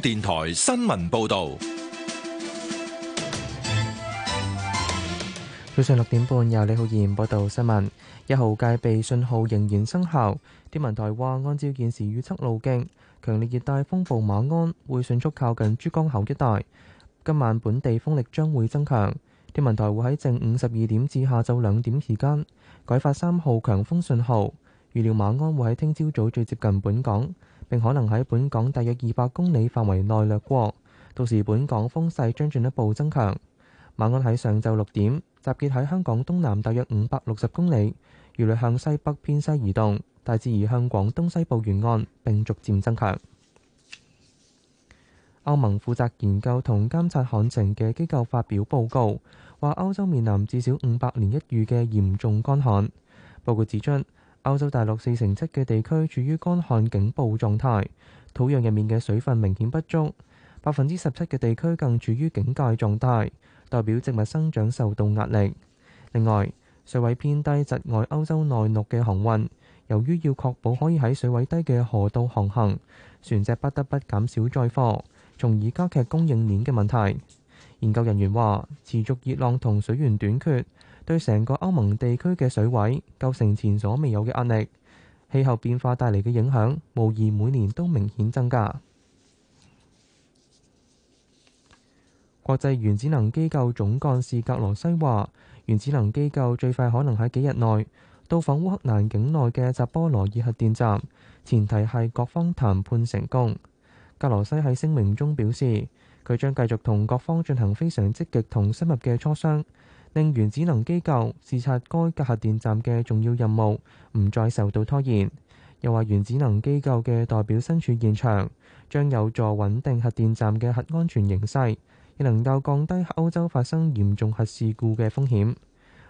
電台新聞報道，早上六點半由李浩然報道新聞。一號戒備信號仍然生效。天文台話，按照現時預測路徑，強烈熱帶風暴馬鞍會迅速靠近珠江口一帶。今晚本地風力將會增強。天文台會喺正午十二點至下晝兩點期間改發三號強風信號。預料馬鞍會喺聽朝早最接近本港。並可能喺本港大約二百公里範圍內掠過，到時本港風勢將進一步增強。馬鞍喺上晝六點集結喺香港東南大約五百六十公里，預料向西北偏西移動，大致移向廣東西部沿岸並逐漸增強。歐盟負責研究同監察旱情嘅機構發表報告，話歐洲面臨至少五百年一遇嘅嚴重乾旱。報告指出，歐洲大陸四成七嘅地區處於乾旱警報狀態，土壤入面嘅水分明顯不足。百分之十七嘅地區更處於警戒狀態，代表植物生長受到壓力。另外，水位偏低窒礙歐洲內陸嘅航運，由於要確保可以喺水位低嘅河道航行，船隻不得不減少載貨，從而加劇供應鏈嘅問題。研究人員話，持續熱浪同水源短缺，對成個歐盟地區嘅水位構成前所未有嘅壓力。氣候變化帶嚟嘅影響無疑每年都明顯增加。國際原子能機構總幹事格羅西話，原子能機構最快可能喺幾日內到訪烏克蘭境內嘅扎波羅爾核電站，前提係各方談判成功。格羅西喺聲明中表示，佢將繼續同各方進行非常積極同深入嘅磋商。令原子能機構視察該核電站嘅重要任務唔再受到拖延，又話原子能機構嘅代表身處現場，將有助穩定核電站嘅核安全形勢，亦能夠降低歐洲發生嚴重核事故嘅風險。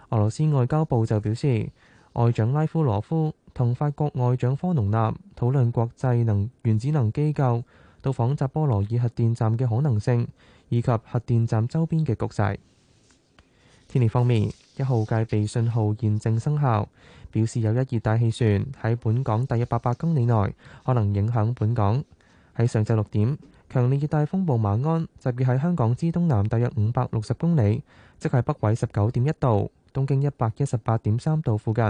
俄羅斯外交部就表示，外長拉夫羅夫同法國外長科隆納討論國際能原子能機構到訪扎波羅爾核電站嘅可能性，以及核電站周邊嘅局勢。天氣方面，一號戒備信號現正生效，表示有一熱帶氣旋喺本港大約八百公里內可能影響本港。喺上晝六點，強烈熱帶風暴馬鞍集結喺香港之東南大約五百六十公里，即係北緯十九點一度、東經一百一十八點三度附近。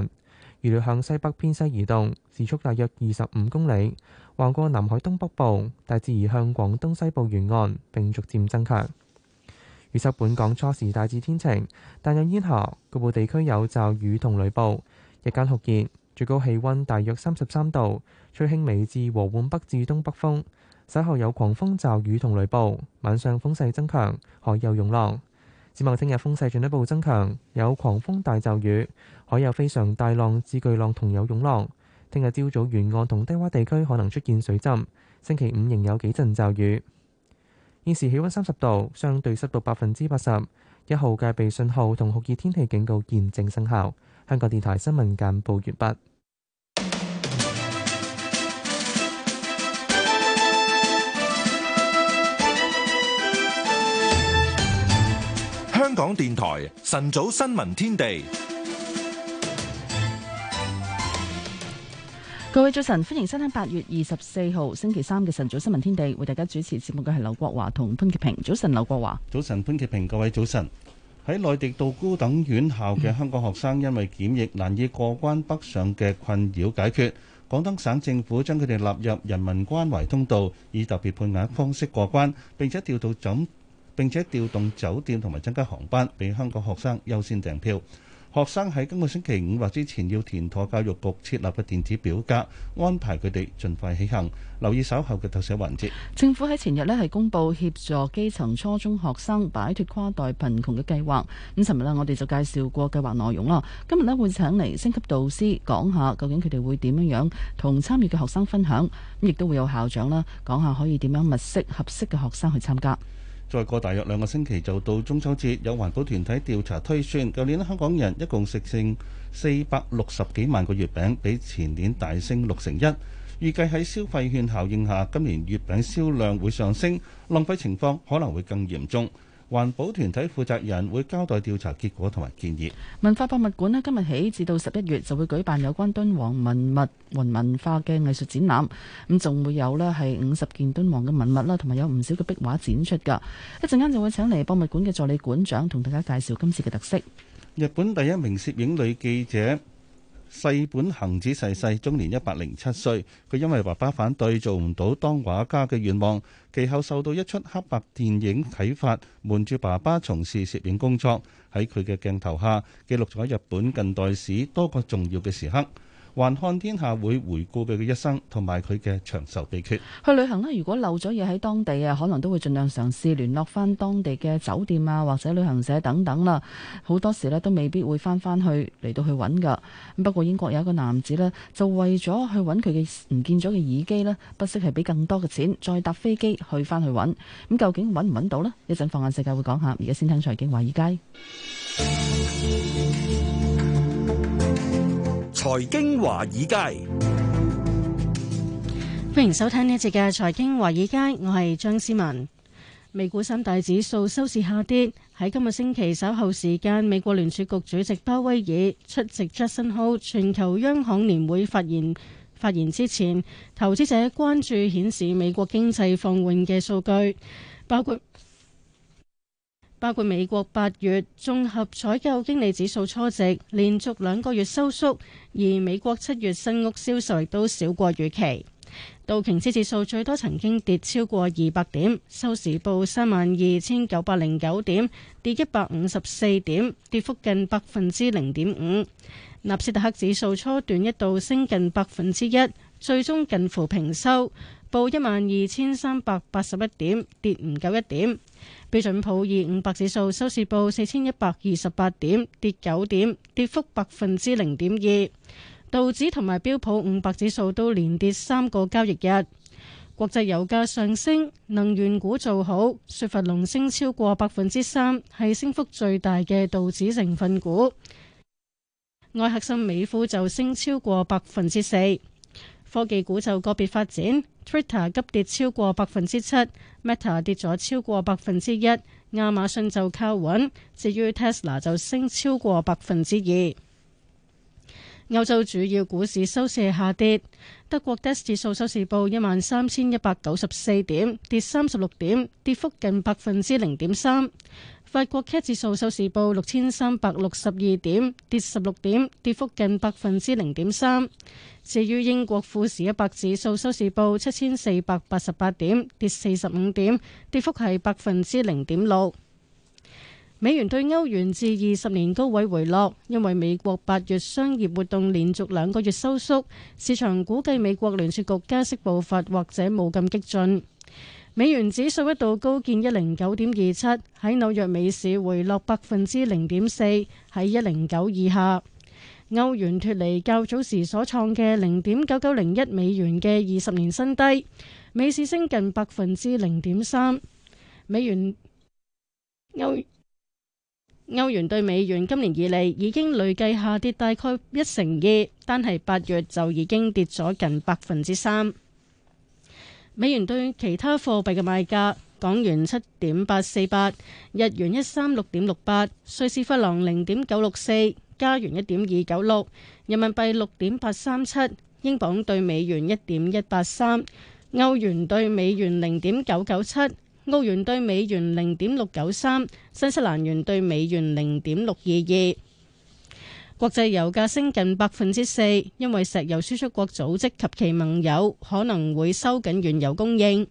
預料向西北偏西移動，時速大約二十五公里，橫過南海東北部，大致移向廣東西部沿岸並逐漸增強。預測本港初時大致天晴，但有煙霞，局部地區有驟雨同雷暴。日間酷熱，最高氣溫大約三十三度，吹輕微至和緩北至東北風。稍後有狂風驟雨同雷暴，晚上風勢增強，海有湧浪。展望聽日風勢進一步增強，有狂風大驟雨，海有非常大浪至巨浪同有湧浪。聽日朝早沿岸同低洼地區可能出現水浸。星期五仍有幾陣驟雨。現時氣溫三十度，相對濕度百分之八十。一號戒備信號同酷熱天氣警告現正生效。香港電台新聞簡報完畢。香港電台晨早新聞天地。各位早晨，歡迎收聽八月二十四號星期三嘅晨早新聞天地。為大家主持節目嘅係劉國華同潘潔平。早晨，劉國華。早晨，潘潔平。各位早晨。喺內地道高等院校嘅香港學生，因為檢疫難以過關北上嘅困擾解決，廣東省政府將佢哋納入人民關懷通道，以特別配額方式過關，並且調到酒並且調動酒店同埋增加航班，俾香港學生優先訂票。學生喺今個星期五或之前要填妥教育局設立嘅電子表格，安排佢哋盡快起行。留意稍後嘅特寫環節。政府喺前日呢係公布協助基層初中學生擺脫跨代貧窮嘅計劃。咁、嗯、尋日呢，我哋就介紹過計劃內容啦。今日呢，會請嚟星級導師講下究竟佢哋會點樣樣同參與嘅學生分享。亦都會有校長啦，講下可以點樣物色合適嘅學生去參加。再過大約兩個星期就到中秋節，有環保團體調查推算，舊年香港人一共食剩四百六十幾萬個月餅，比前年大升六成一。預計喺消費券效應下，今年月餅銷量會上升，浪費情況可能會更嚴重。環保團體負責人會交代調查結果同埋建議。文化博物館呢今日起至到十一月就會舉辦有關敦煌文物文化嘅藝術展覽，咁仲會有呢係五十件敦煌嘅文物啦，同埋有唔少嘅壁畫展出噶。一陣間就會請嚟博物館嘅助理館長同大家介紹今次嘅特色。日本第一名攝影女記者。細本恒子逝世，終年一百零七歲。佢因為爸爸反對，做唔到當畫家嘅願望。其後受到一出黑白電影啟發，瞞住爸爸從事攝影工作。喺佢嘅鏡頭下，記錄咗日本近代史多個重要嘅時刻。還看天下會回顧佢嘅一生，同埋佢嘅長壽秘訣。去旅行呢，如果漏咗嘢喺當地啊，可能都會盡量嘗試聯絡翻當地嘅酒店啊，或者旅行社等等啦、啊。好多時呢，都未必會翻翻去嚟到去揾噶。咁不過英國有一個男子呢，就為咗去揾佢嘅唔見咗嘅耳機呢，不惜係俾更多嘅錢，再搭飛機去翻去揾。咁究竟揾唔揾到呢？一陣放眼世界會講下。而家先聽財經華爾街。 財經華爾街，歡迎收聽呢一節嘅財經華爾街。我係張思文。美股三大指數收市下跌。喺今個星期稍後時間，美國聯儲局主席鮑威爾出席 Jackson Hole 全球央行年會發言發言之前，投資者關注顯示美國經濟放緩嘅數據，包括包括美國八月綜合採購經理指數初值連續兩個月收縮。而美國七月新屋銷售亦都少過預期，道瓊斯指數最多曾經跌超過二百點，收市報三萬二千九百零九點，跌一百五十四點，跌幅近百分之零點五。納斯達克指數初段一度升近百分之一，最終近乎平收，報一萬二千三百八十一點，跌唔夠一點。標準普爾五百指數收市報四千一百二十八點，跌九點，跌幅百分之零點二。道指同埋標普五百指數都連跌三個交易日。國際油價上升，能源股做好，雪佛龍升超過百分之三，係升幅最大嘅道指成分股。愛克森美孚就升超過百分之四，科技股就個別發展。Twitter 急跌超過百分之七，Meta 跌咗超過百分之一，亞馬遜就靠穩，至於 Tesla 就升超過百分之二。歐洲主要股市收市下跌，德國 DAX 指數收市報一萬三千一百九十四點，跌三十六點，跌幅近百分之零點三。法國 CAC 指數收市報六千三百六十二點，跌十六點，跌幅近百分之零點三。至於英國富時一百指數收市報七千四百八十八點，跌四十五點，跌幅係百分之零點六。美元對歐元至二十年高位回落，因為美國八月商業活動連續兩個月收縮，市場估計美國聯儲局加息步伐或者冇咁激進。美元指數一度高見一零九點二七，喺紐約美市回落百分之零點四，喺一零九以下。歐元脫離較早時所創嘅零點九九零一美元嘅二十年新低，美市升近百分之零點三。美元歐，歐元對美元今年以嚟已經累計下跌大概一成二，單係八月就已經跌咗近百分之三。美元對其他貨幣嘅賣價：港元七點八四八，日元一三六點六八，瑞士法郎零點九六四，加元一點二九六，人民幣六點八三七，英鎊對美元一點一八三，歐元對美元零點九九七，澳元對美元零點六九三，新西蘭元對美元零點六二二。國際油價升近百分之四，因為石油輸出國組織及其盟友可能會收緊原油供應。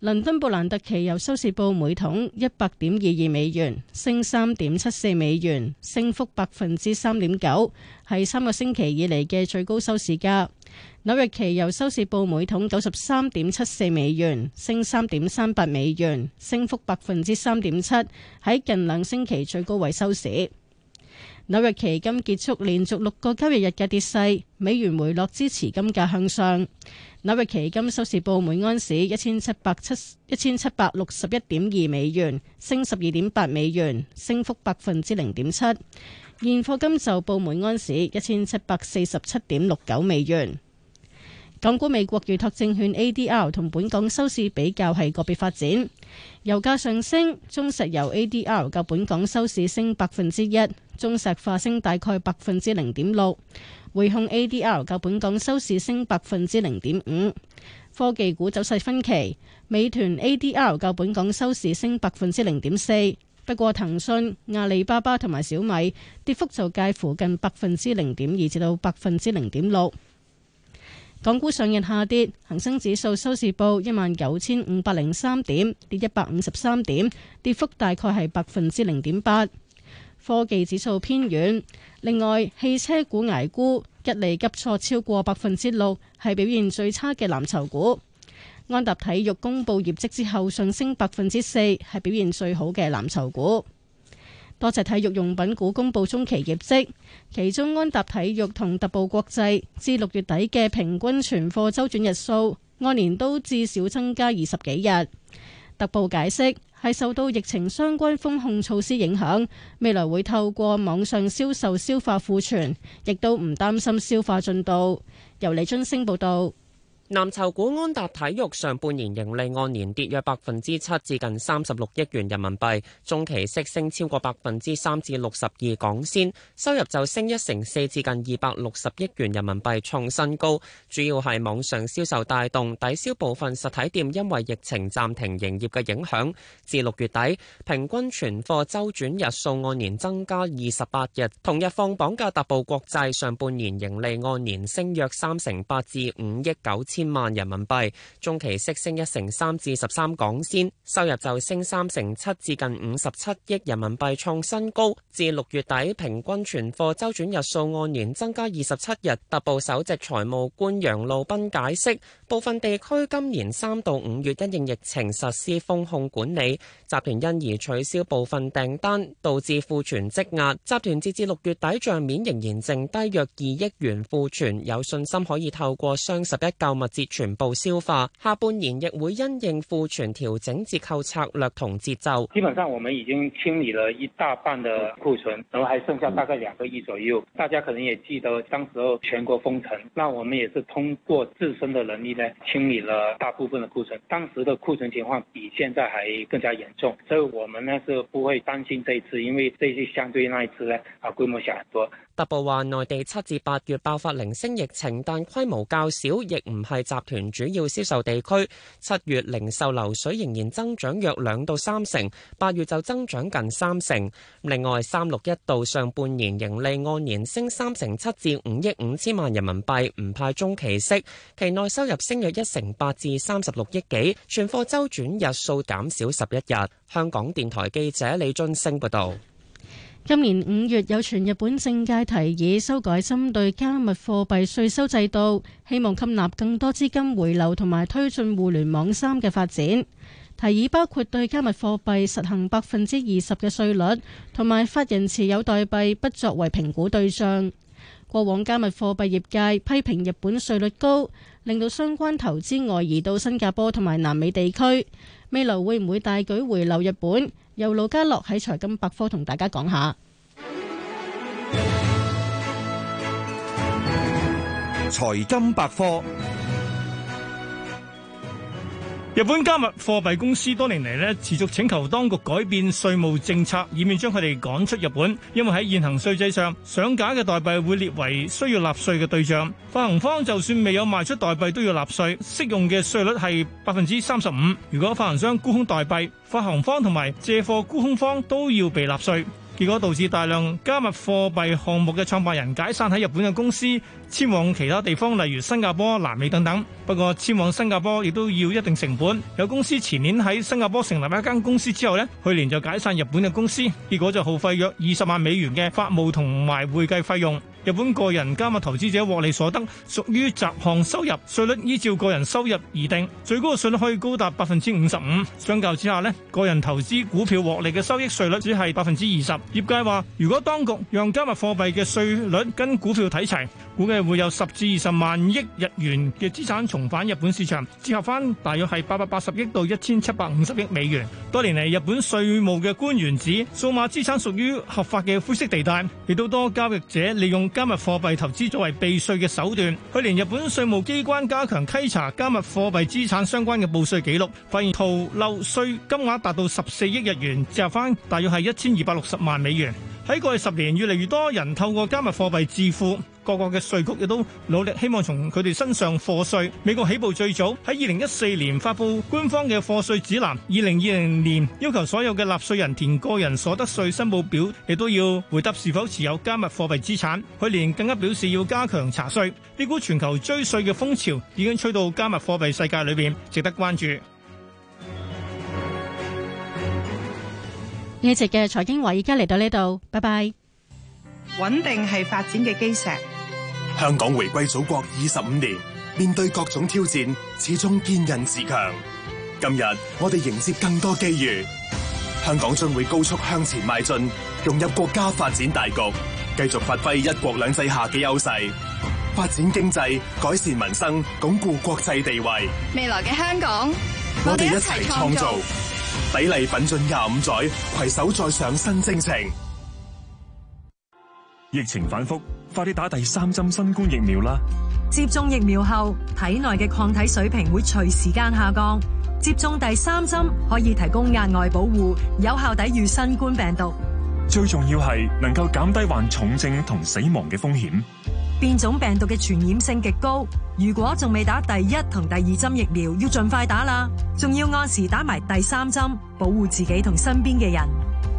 倫敦布蘭特期油收市報每桶一百點二二美元，升三點七四美元，升幅百分之三點九，係三個星期以嚟嘅最高收市價。紐約期油收市報每桶九十三點七四美元，升三點三八美元，升幅百分之三點七，喺近兩星期最高位收市。紐約期金結束連續六個交易日嘅跌勢，美元回落支持金價向上。紐約期金收市報每安士一千七百七一千七百六十一點二美元，升十二點八美元，升幅百分之零點七。現貨金就報每安士一千七百四十七點六九美元。港股美國預託證券 ADR 同本港收市比較係個別發展，油價上升，中石油 ADR 較本港收市升百分之一。中石化升大概百分之零點六，匯控 ADR 較本港收市升百分之零點五。科技股走勢分歧，美團 ADR 較本港收市升百分之零點四。不過騰訊、阿里巴巴同埋小米跌幅就介乎近百分之零點二至到百分之零點六。港股上日下跌，恒生指數收市報一萬九千五百零三點，跌一百五十三點，跌幅大概係百分之零點八。科技指數偏軟，另外汽車股捱沽，吉利急挫超過百分之六，係表現最差嘅藍籌股。安踏體育公布業績之後，上升百分之四，係表現最好嘅藍籌股。多隻體育用品股公布中期業績，其中安踏體育同特步國際至六月底嘅平均存貨周轉日數，按年都至少增加二十幾日。特步解釋。係受到疫情相關封控措施影響，未來會透過網上銷售消化庫存，亦都唔擔心消化進度。由李津升報道。藍籌股安踏體育上半年盈利按年跌約百分之七，至近三十六億元人民幣；中期息升超過百分之三，至六十二港仙；收入就升一成四，至近二百六十億元人民幣創新高。主要係網上銷售帶動，抵消部分實體店因為疫情暫停營業嘅影響。至六月底，平均存貨周轉日數按年增加二十八日。同日放榜嘅特步國際上半年盈利按年升約三成八，至五億九千。千萬人民幣，中期息升一成三至十三港仙，收入就升三成七至近五十七億人民幣，創新高。至六月底，平均存貨周轉日數按年增加二十七日，特步首席財務官楊路斌解釋，部分地區今年三到五月因應疫情實施封控管理，集團因而取消部分訂單，導致庫存積壓。集團截至六月底賬面仍然剩低約二億元庫存，有信心可以透過雙十一購物節全部消化，下半年亦會因應庫存調整折扣策略同節奏。基本上我們已經清理了一大半的庫存，然後還剩下大概兩個億左右。大家可能也記得當時候全國封城，那我們也是通過自身的能力呢清理了大部分的庫存。當時的庫存情況比現在還更加嚴重，所以我們呢是不會擔心這一次，因為這次相對於那一次呢，啊規模小很多。特步話，內地七至八月爆發零星疫情，但規模較小，亦唔係集團主要銷售地區。七月零售流水仍然增長約兩到三成，八月就增長近三成。另外，三六一度上半年盈利按年升三成七至五億五千萬人民幣，唔派中期息，期內收入升約一成八至三十六億幾，存貨周轉日數減少十一日。香港電台記者李津升報道。今年五月有傳日本政界提議修改針對加密貨幣稅收制度，希望吸納更多資金回流同埋推進互聯網三嘅發展。提議包括對加密貨幣實行百分之二十嘅稅率，同埋法人持有代幣不作為評估對象。過往加密貨幣業界批評日本稅率高，令到相關投資外移到新加坡同埋南美地區。未來會唔會大舉回流日本？由盧家樂喺財金百科同大家講下。財金百科。日本加密貨幣公司多年嚟呢持續請求當局改變稅務政策，以免將佢哋趕出日本。因為喺現行稅制上，上架嘅代幣會列為需要納稅嘅對象。發行方就算未有賣出代幣都要納稅，適用嘅稅率係百分之三十五。如果發行商沽空代幣，發行方同埋借貨沽空方都要被納稅。結果導致大量加密貨幣項目嘅創辦人解散喺日本嘅公司，遷往其他地方，例如新加坡、南美等等。不過遷往新加坡亦都要一定成本。有公司前年喺新加坡成立一間公司之後呢，去年就解散日本嘅公司，結果就耗費約二十萬美元嘅法務同埋會計費用。日本個人加密投資者獲利所得屬於雜項收入，稅率依照個人收入而定，最高嘅稅率可以高達百分之五十五。相較之下咧，個人投資股票獲利嘅收益稅率只係百分之二十。業界話，如果當局讓加密貨幣嘅稅率跟股票睇齊，估計會有十至二十萬億日元嘅資產重返日本市場，折合返大約係八百八十億到一千七百五十億美元。多年嚟，日本稅務嘅官員指數碼資產屬於合法嘅灰色地帶，亦都多交易者利用。加密貨幣投資作為避稅嘅手段，去年日本稅務機關加強稽查加密貨幣資產相關嘅報稅記錄，發現逃漏稅金額達到十四億日元，折翻大約係一千二百六十萬美元。喺過去十年，越嚟越多人透過加密貨幣致富，各國嘅稅局亦都努力希望從佢哋身上課稅。美國起步最早，喺二零一四年發布官方嘅課稅指南，二零二零年要求所有嘅納稅人填個人所得稅申報表，亦都要回答是否持有加密貨幣資產。去年更加表示要加強查稅。呢股全球追稅嘅風潮已經吹到加密貨幣世界裏邊，值得關注。一直嘅財經話，而家嚟到呢度，拜拜。穩定係發展嘅基石。香港回歸祖國二十五年，面對各種挑戰，始終堅韌自強。今日我哋迎接更多機遇，香港將會高速向前邁進，融入國家發展大局，繼續發揮一國兩制下嘅優勢，發展經濟，改善民生，鞏固國際地位。未來嘅香港，我哋一齊創造。砥礪奮進廿五載，携手再上新征程。疫情反復，快啲打第三針新冠疫苗啦！接種疫苗後，體內嘅抗體水平會隨時間下降，接種第三針可以提供額外保護，有效抵禦新冠病毒。最重要係能夠減低患重症同死亡嘅風險。變種病毒嘅傳染性極高，如果仲未打第一同第二針疫苗，要盡快打啦，仲要按時打埋第三針，保護自己同身邊嘅人，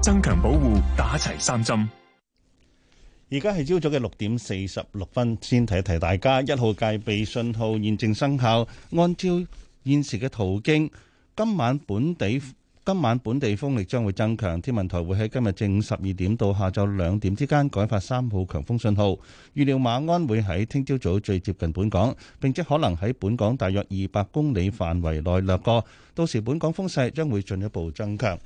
增強保護，打齊三針。而家係朝早嘅六點四十六分，先提一提大家，一號戒備信號現正生效，按照現時嘅途徑，今晚本地。今晚本地風力將會增強，天文台會喺今日正午十二點到下晝兩點之間改發三號強風信號。預料馬鞍會喺聽朝早最接近本港，並且可能喺本港大約二百公里範圍內掠過，到時本港風勢將會進一步增強。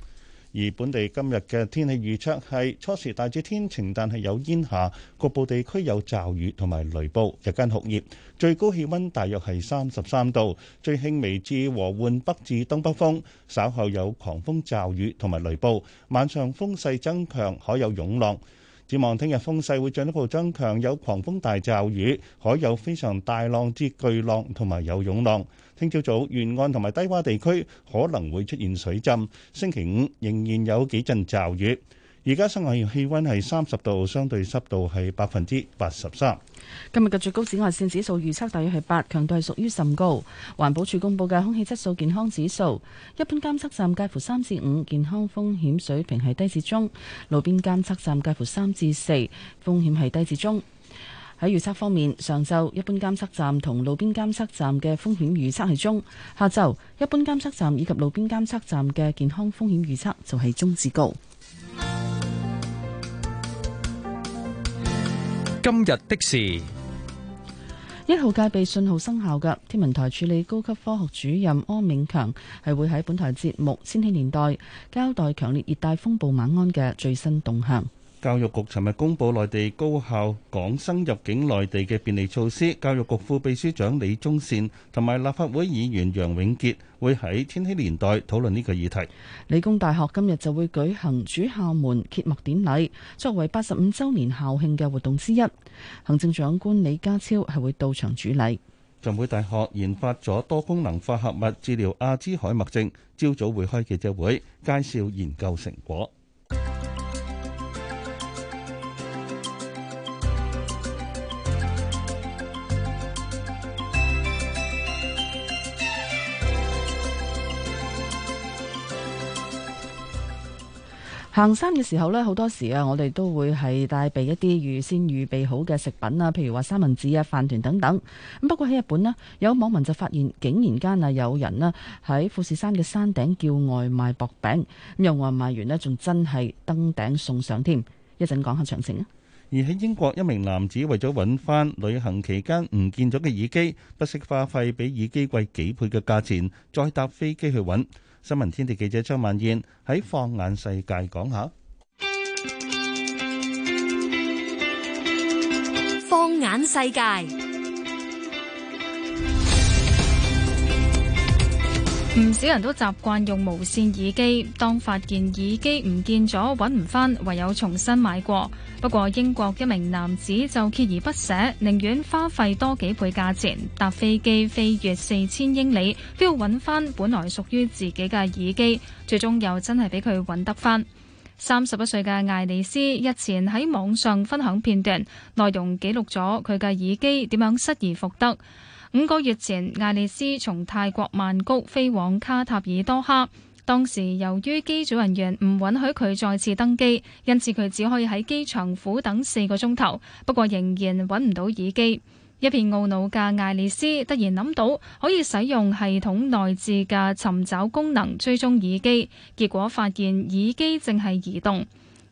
而本地今日嘅天氣預測係初時大致天晴，但係有煙霞，局部地區有驟雨同埋雷暴，日間酷熱，最高氣溫大約係三十三度，最輕微至和緩北至東北風，稍後有狂風驟雨同埋雷暴，晚上風勢增強，海有湧浪。展望聽日風勢會進一步增強，有狂風大驟雨，海有非常大浪至巨浪，同埋有湧浪。聽朝早沿岸同埋低洼地區可能會出現水浸。星期五仍然有幾陣驟雨。而家室外氣溫係三十度，相對濕度係百分之八十三。今日嘅最高紫外線指數預測大約係八，強度係屬於甚高。環保署公布嘅空氣質素健康指數，一般監測站介乎三至五，健康風險水平係低至中；路邊監測站介乎三至四，風險係低至中。喺預測方面，上晝一般監測站同路邊監測站嘅風險預測係中；下晝一般監測站以及路邊監測站嘅健康風險預測就係中至高。今日的事，一號戒備信號生效嘅天文台處理高級科學主任安永強係會喺本台節目《千禧年代》交代強烈熱帶風暴馬鞍嘅最新動向。教育局尋日公布內地高校港生入境內地嘅便利措施。教育局副秘書長李宗善同埋立法會議員楊永傑會喺《天禧年代》討論呢個議題。理工大學今日就會舉行主校門揭幕典禮，作為八十五週年校慶嘅活動之一。行政長官李家超係會到場主禮。浸會大學研發咗多功能化合物治療阿茲海默症，朝早會開記者會介紹研究成果。行山嘅時候呢，好多時啊，我哋都會係帶備一啲預先預備好嘅食品啊，譬如話三文治啊、飯糰等等。咁不過喺日本呢，有網民就發現，竟然間啊有人咧喺富士山嘅山頂叫外賣薄餅，咁外賣員呢仲真係登頂送上添。講一陣講下詳情啊。而喺英國，一名男子為咗揾翻旅行期間唔見咗嘅耳機，不惜花費比耳機貴幾倍嘅價錢，再搭飛機去搵。新聞天地記者張萬燕喺放眼世界講下，放眼世界。唔少人都習慣用無線耳機，當發現耳機唔見咗，揾唔返，唯有重新買過。不過英國一名男子就鍥而不捨，寧願花費多幾倍價錢搭飛機飛越四千英里，都要揾翻本來屬於自己嘅耳機。最終又真係俾佢揾得返。三十一歲嘅艾麗斯日前喺網上分享片段，內容記錄咗佢嘅耳機點樣失而復得。五個月前，艾莉斯從泰國曼谷飛往卡塔爾多哈，當時由於機組人員唔允許佢再次登機，因此佢只可以喺機場苦等四個鐘頭。不過仍然揾唔到耳機，一片懊惱嘅艾莉斯突然諗到可以使用系統內置嘅尋找功能追蹤耳機，結果發現耳機正係移動。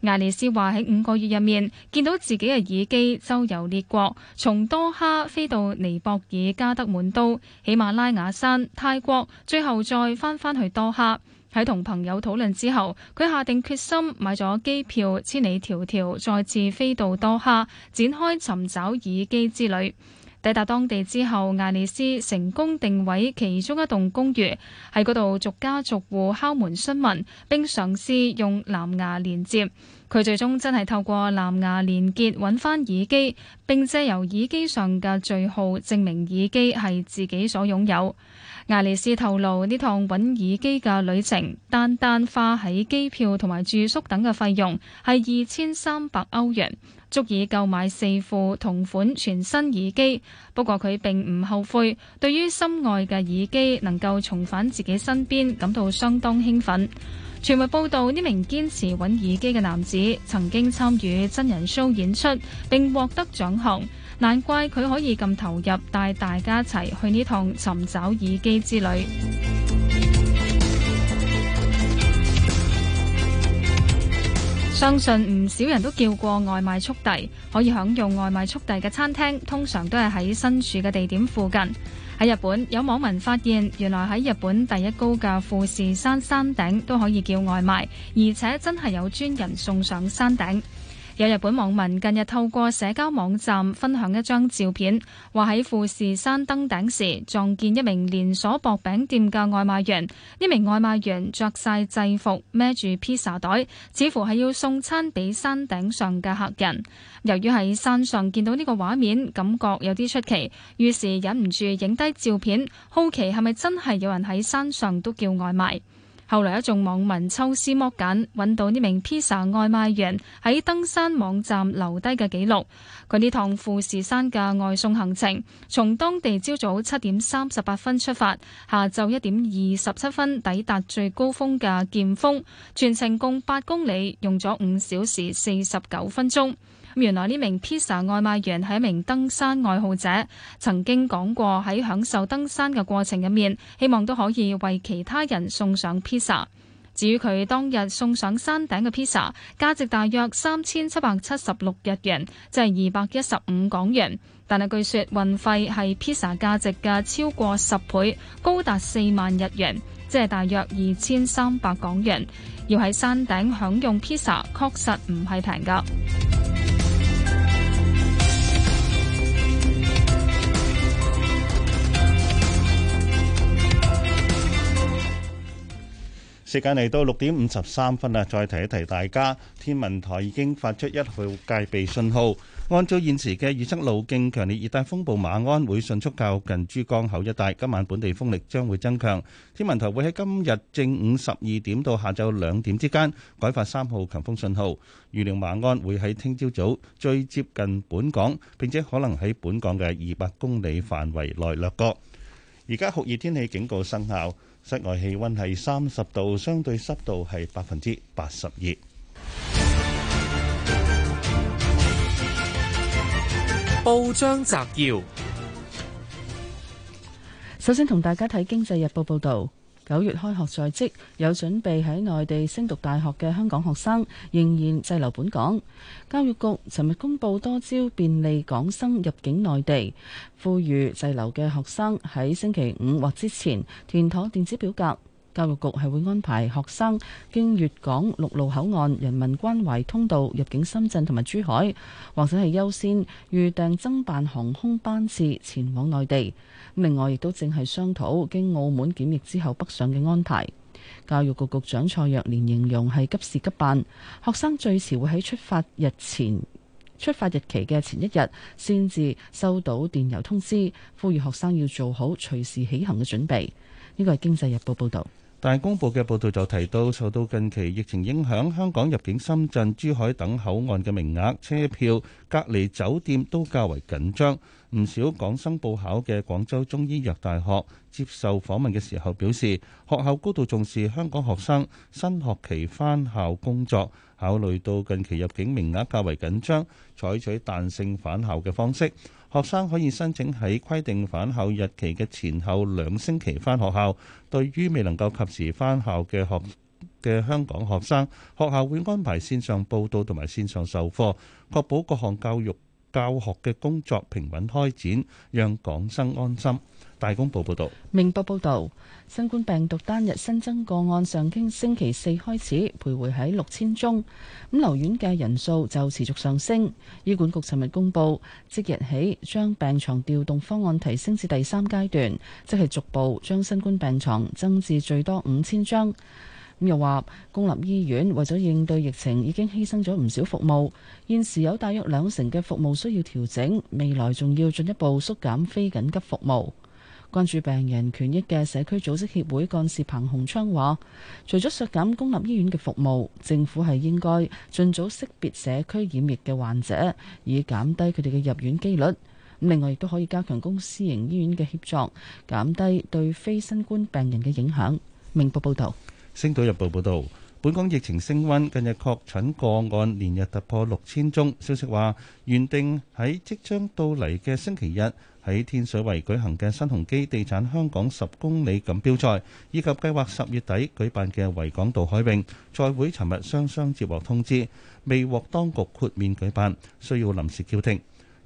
艾利斯話：喺五個月入面，見到自己嘅耳機周遊列國，從多哈飛到尼泊爾、加德滿都、喜馬拉雅山、泰國，最後再翻返去多哈。喺同朋友討論之後，佢下定決心買咗機票，千里迢迢再次飛到多哈，展開尋找耳機之旅。抵達當地之後，艾莉斯成功定位其中一棟公寓，喺嗰度逐家逐戶敲門詢問，並嘗試用藍牙連接。佢最終真係透過藍牙連結揾返耳機，並借由耳機上嘅序號證明耳機係自己所擁有。艾莉斯透露呢趟揾耳機嘅旅程，單單花喺機票同埋住宿等嘅費用係二千三百歐元。足以購買四副同款全新耳機，不過佢並唔後悔，對於心愛嘅耳機能夠重返自己身邊，感到相當興奮。傳媒報道呢名堅持揾耳機嘅男子曾經參與真人 show 演出，並獲得獎項，難怪佢可以咁投入帶大家一齊去呢趟尋找耳機之旅。相信唔少人都叫過外賣速遞，可以享用外賣速遞嘅餐廳通常都係喺身處嘅地點附近。喺日本，有網民發現原來喺日本第一高嘅富士山山頂都可以叫外賣，而且真係有專人送上山頂。有日本網民近日透過社交網站分享一張照片，話喺富士山登頂時撞見一名連鎖薄餅店嘅外賣員。呢名外賣員着晒製服，孭住披薩袋，似乎係要送餐俾山頂上嘅客人。由於喺山上見到呢個畫面，感覺有啲出奇，於是忍唔住影低照片，好奇係咪真係有人喺山上都叫外賣。後來一眾網民抽絲剝繭，揾到呢名披薩外賣員喺登山網站留低嘅記錄。佢呢趟富士山嘅外送行程，從當地朝早七點三十八分出發，下晝一點二十七分抵達最高峰嘅劍峰，全程共八公里，用咗五小時四十九分鐘。原來呢名披薩外賣員係一名登山愛好者，曾經講過喺享受登山嘅過程入面，希望都可以為其他人送上披薩。至於佢當日送上山頂嘅披薩，價值大約三千七百七十六日元，即係二百一十五港元，但係據說運費係披薩價值嘅超過十倍，高達四萬日元。即係大約二千三百港元，要喺山頂享用披薩，確實唔係平噶。時間嚟到六點五十三分啦，再提一提大家，天文台已經發出一號戒備信號。按照現時嘅預測路徑，強烈熱帶風暴馬鞍會迅速靠近珠江口一帶。今晚本地風力將會增強，天文台會喺今日正午十二點到下晝兩點之間改發三號強風信號。預料馬鞍會喺聽朝早最接近本港，並且可能喺本港嘅二百公里範圍內掠過。而家酷熱天氣警告生效，室外氣温係三十度，相對濕度係百分之八十二。報章摘要：首先同大家睇《經濟日報》報道，九月開學在即，有準備喺內地升讀大學嘅香港學生仍然滯留本港。教育局尋日公布多招便利港生入境內地，呼籲滯留嘅學生喺星期五或之前填妥電子表格。教育局係會安排學生經粵港陸路口岸、人民關懷通道入境深圳同埋珠海，或者係優先預訂增辦航空班次前往內地。另外亦都正係商討經澳門檢疫之後北上嘅安排。教育局局長蔡若蓮形容係急事急辦，學生最遲會喺出發日前，出發日期嘅前一日先至收到電郵通知，呼籲學生要做好隨時起行嘅準備，呢個係經濟日報報道。大公報嘅報道就提到，受到近期疫情影響，香港入境深圳、珠海等口岸嘅名額、車票、隔離酒店都較為緊張。唔少港生報考嘅廣州中醫藥大學接受訪問嘅時候表示，學校高度重視香港學生新學期返校工作，考慮到近期入境名額較為緊張，採取彈性返校嘅方式，學生可以申請喺規定返校日期嘅前後兩星期返學校。對於未能夠及時返校嘅學嘅香港學生，學校會安排線上報到同埋線上授課，確保各項教育。教學嘅工作平穩開展，讓港生安心。大公報報道，明報報道，新冠病毒單日新增個案上經星期四開始徘徊喺六千宗，咁留院嘅人數就持續上升。醫管局尋日公布，即日起將病床調動方案提升至第三階段，即係逐步將新冠病床增至最多五千張。咁又話，公立醫院為咗應對疫情，已經犧牲咗唔少服務。現時有大約兩成嘅服務需要調整，未來仲要進一步縮減非緊急服務。關注病人權益嘅社區組織協會幹事彭鴻昌話，除咗縮減公立醫院嘅服務，政府係應該盡早識別社區染疫嘅患者，以減低佢哋嘅入院機率。另外亦都可以加強公私營醫院嘅協助，減低對非新冠病人嘅影響。明報報導。星島日報報導，本港疫情升溫，近日確診個案連日突破六千宗。消息話，原定喺即將到嚟嘅星期日喺天水圍舉行嘅新鴻基地產香港十公里錦標賽，以及計劃十月底舉辦嘅維港渡海泳賽會，尋日雙雙接獲通知，未獲當局豁免舉辦，需要臨時叫停。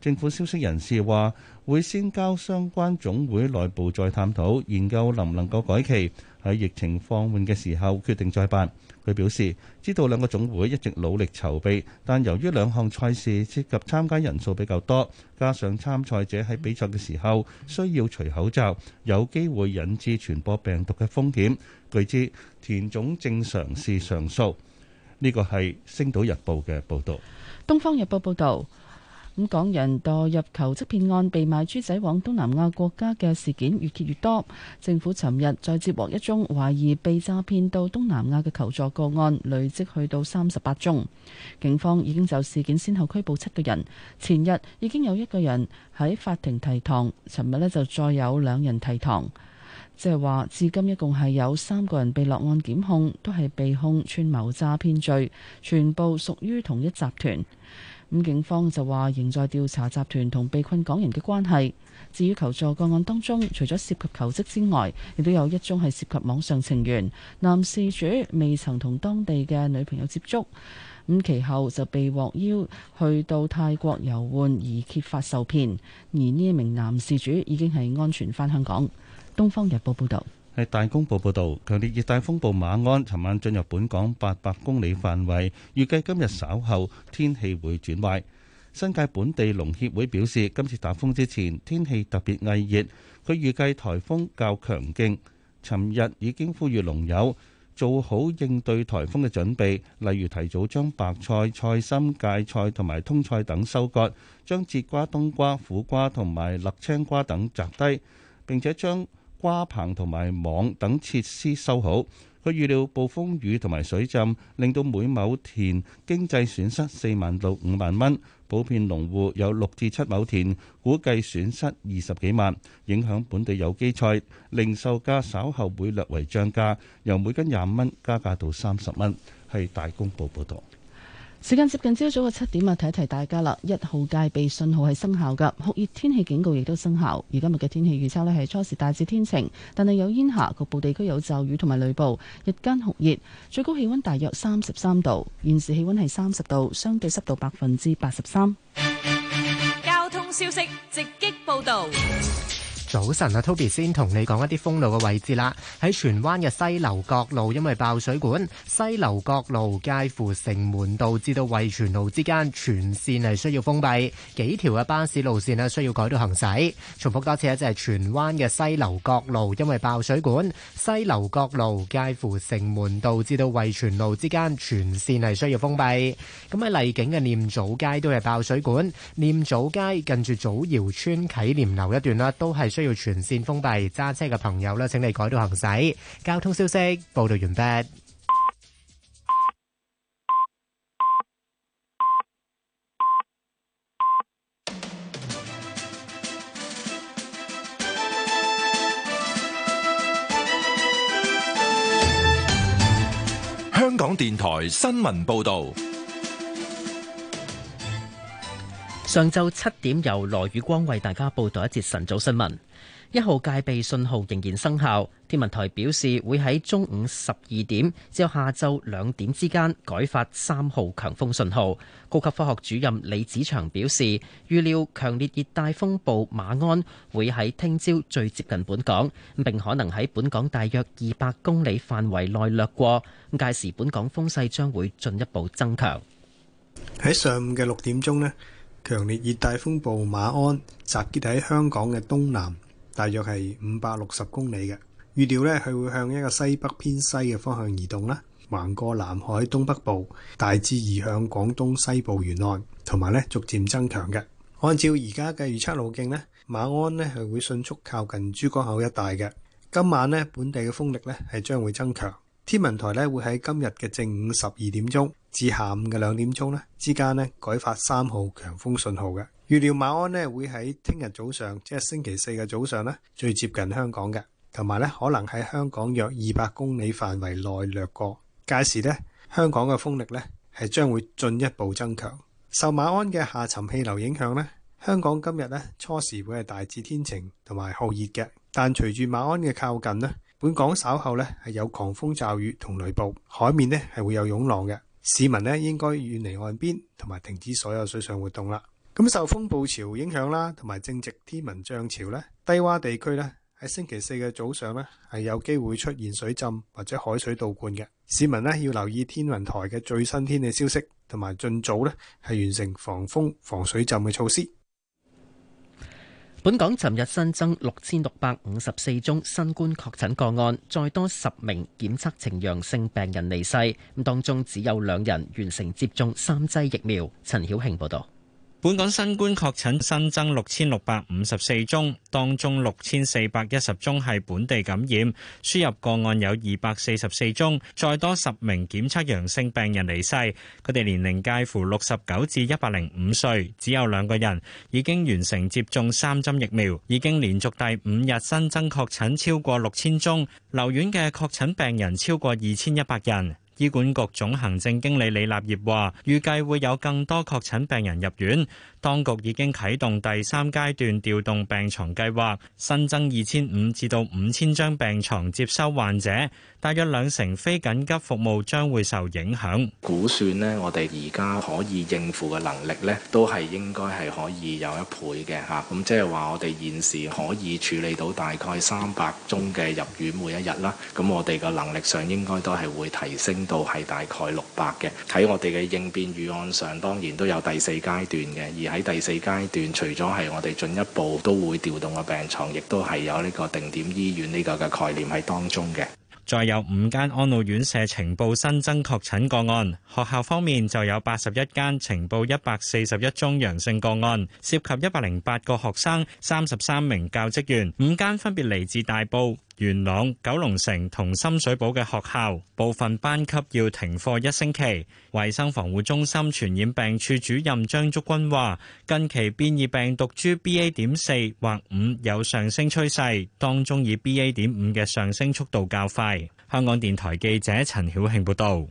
政府消息人士話，會先交相關總會內部再探討，研究能唔能夠改期，喺疫情放緩嘅時候決定再辦。佢表示，知道兩個總會一直努力籌備，但由於兩項賽事涉及參加人數比較多，加上參賽者喺比賽嘅時候需要除口罩，有機會引致傳播病毒嘅風險。據知，田總正嘗試上訴。呢個係《星島日報》嘅報導。《東方日報》報導。咁港人墮入求職騙案，被賣豬仔往東南亞國家嘅事件越揭越多。政府尋日再接獲一宗懷疑被詐騙到東南亞嘅求助個案，累積去到三十八宗。警方已經就事件先後拘捕七個人，前日已經有一個人喺法庭提堂，尋日呢就再有兩人提堂，即係話至今一共係有三個人被落案檢控，都係被控串謀詐騙罪，全部屬於同一集團。咁警方就話仍在調查集團同被困港人嘅關係。至於求助個案當中，除咗涉及求職之外，亦都有一宗係涉及網上情緣。男事主未曾同當地嘅女朋友接觸，咁其後就被獲邀去到泰國遊玩而揭發受騙，而呢一名男事主已經係安全返香港。東方日報報道。喺大公報報道，強烈熱帶風暴馬鞍，尋晚進入本港八百公里範圍，預計今日稍後天氣會轉壞。新界本地農協會表示，今次打風之前天氣特別翳熱，佢預計颱風較強勁。尋日已經呼籲農友做好應對颱風嘅準備，例如提早將白菜、菜心、芥菜同埋通菜等收割，將節瓜、冬瓜、苦瓜同埋辣青瓜等摘低，並且將。瓜棚同埋網等設施修好，佢預料暴風雨同埋水浸令到每畝田經濟損失四萬到五萬蚊，普遍農戶有六至七畝田，估計損失二十幾萬，影響本地有機菜零售價稍後會略為漲價，由每斤廿五蚊加價到三十蚊。係大公報報道。時間接近朝早嘅七點啊，提一提大家啦，一號戒備信號係生效噶酷熱天氣警告亦都生效。而今日嘅天氣預測呢，係初時大致天晴，但係有煙霞，局部地區有驟雨同埋雷暴，日間酷熱，最高氣溫大約三十三度，現時氣溫係三十度，相對濕度百分之八十三。交通消息直擊報道。早晨啊，Toby 先同你講一啲封路嘅位置啦。喺荃灣嘅西樓角路因為爆水管，西樓角路介乎城門道至到惠泉路之間全線係需要封閉，幾條嘅巴士路線咧需要改道行駛。重複多次咧，就係荃灣嘅西樓角路因為爆水管，西樓角路介乎城門道至到惠泉路之間全線係需要封閉。咁喺麗景嘅念祖街都係爆水管，念祖街近住祖堯村啟廉樓一段啦，都係需要全線封閉，揸車嘅朋友呢，請你改道行駛。交通消息報道完畢。香港電台新聞報道。上晝七點，由羅宇光為大家報道一節晨早新聞。一號戒備信號仍然生效。天文台表示會喺中午十二點至下晝兩點之間改發三號強風信號。高級科學主任李子祥表示，預料強烈熱帶風暴馬鞍會喺聽朝最接近本港，並可能喺本港大約二百公里範圍內掠過。屆時本港風勢將會進一步增強。喺上午嘅六點鐘呢，強烈熱帶風暴馬鞍集結喺香港嘅東南，大約係五百六十公里嘅，預料咧佢會向一個西北偏西嘅方向移動啦，橫過南海東北部，大致移向廣東西部沿岸，同埋咧逐漸增強嘅。按照而家嘅預測路徑呢，馬鞍呢係會迅速靠近珠江口一帶嘅。今晚呢本地嘅風力咧係將會增強，天文台咧會喺今日嘅正午十二點鐘至下午嘅兩點鐘咧之間呢改發三號強風信號嘅。預料馬鞍咧會喺聽日早上，即係星期四嘅早上咧，最接近香港嘅，同埋咧可能喺香港約二百公里範圍內掠過。屆時咧，香港嘅風力咧係將會進一步增強。受馬鞍嘅下沉氣流影響咧，香港今日咧初時會係大致天晴同埋酷熱嘅，但隨住馬鞍嘅靠近呢，本港稍後咧係有狂風驟雨同雷暴，海面咧係會有湧浪嘅。市民咧應該遠離岸邊同埋停止所有水上活動啦。咁受風暴潮影響啦，同埋正值天文漲潮呢，低洼地區呢，喺星期四嘅早上呢，係有機會出現水浸或者海水倒灌嘅。市民呢，要留意天文台嘅最新天氣消息，同埋盡早呢，係完成防風防水浸嘅措施。本港尋日新增六千六百五十四宗新冠確診個案，再多十名檢測呈陽性病人離世，咁當中只有兩人完成接種三劑疫苗。陳曉慶報道。本港新冠確診新增六千六百五十四宗，當中六千四百一十宗係本地感染，輸入個案有二百四十四宗，再多十名檢測陽性病人離世。佢哋年齡介乎六十九至一百零五歲，只有兩個人已經完成接種三針疫苗。已經連續第五日新增確診超過六千宗，留院嘅確診病人超過二千一百人。醫管局總行政經理李立業話，預計會有更多確診病人入院。當局已經啟動第三階段調動病床計劃，新增二千五至到五千張病床接收患者，大約兩成非緊急服務將會受影響。估算呢，我哋而家可以應付嘅能力呢，都係應該係可以有一倍嘅嚇。咁即係話我哋現時可以處理到大概三百宗嘅入院每一日啦。咁我哋嘅能力上應該都係會提升到係大概六百嘅。喺我哋嘅應變預案上，當然都有第四階段嘅。喺第四階段，除咗係我哋進一步都會調動嘅病床，亦都係有呢個定點醫院呢個嘅概念喺當中嘅。再有五間安老院舍，呈報新增確診個案，學校方面就有八十一間呈報一百四十一宗陽性個案，涉及一百零八個學生、三十三名教職員，五間分別嚟自大埔、元朗、九龍城同深水埗嘅學校，部分班級要停課一星期。衞生防護中心傳染病處主任張竹君話，近期變異病毒株 BA. 點四或五有上升趨勢，當中以 BA. 點五嘅上升速度較快。香港電台記者陳曉慶報導。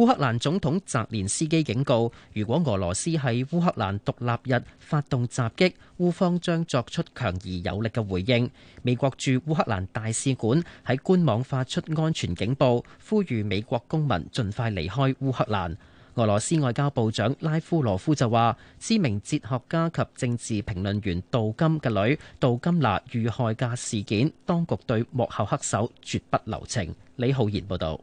烏克蘭總統澤連斯基警告：如果俄羅斯喺烏克蘭獨立日發動襲擊，烏方將作出強而有力嘅回應。美國駐烏克蘭大使館喺官網發出安全警報，呼籲美國公民盡快離開烏克蘭。俄羅斯外交部長拉夫羅夫就話：知名哲學家及政治評論員杜金嘅女杜金娜遇害嘅事件，當局對幕後黑手絕不留情。李浩然報道。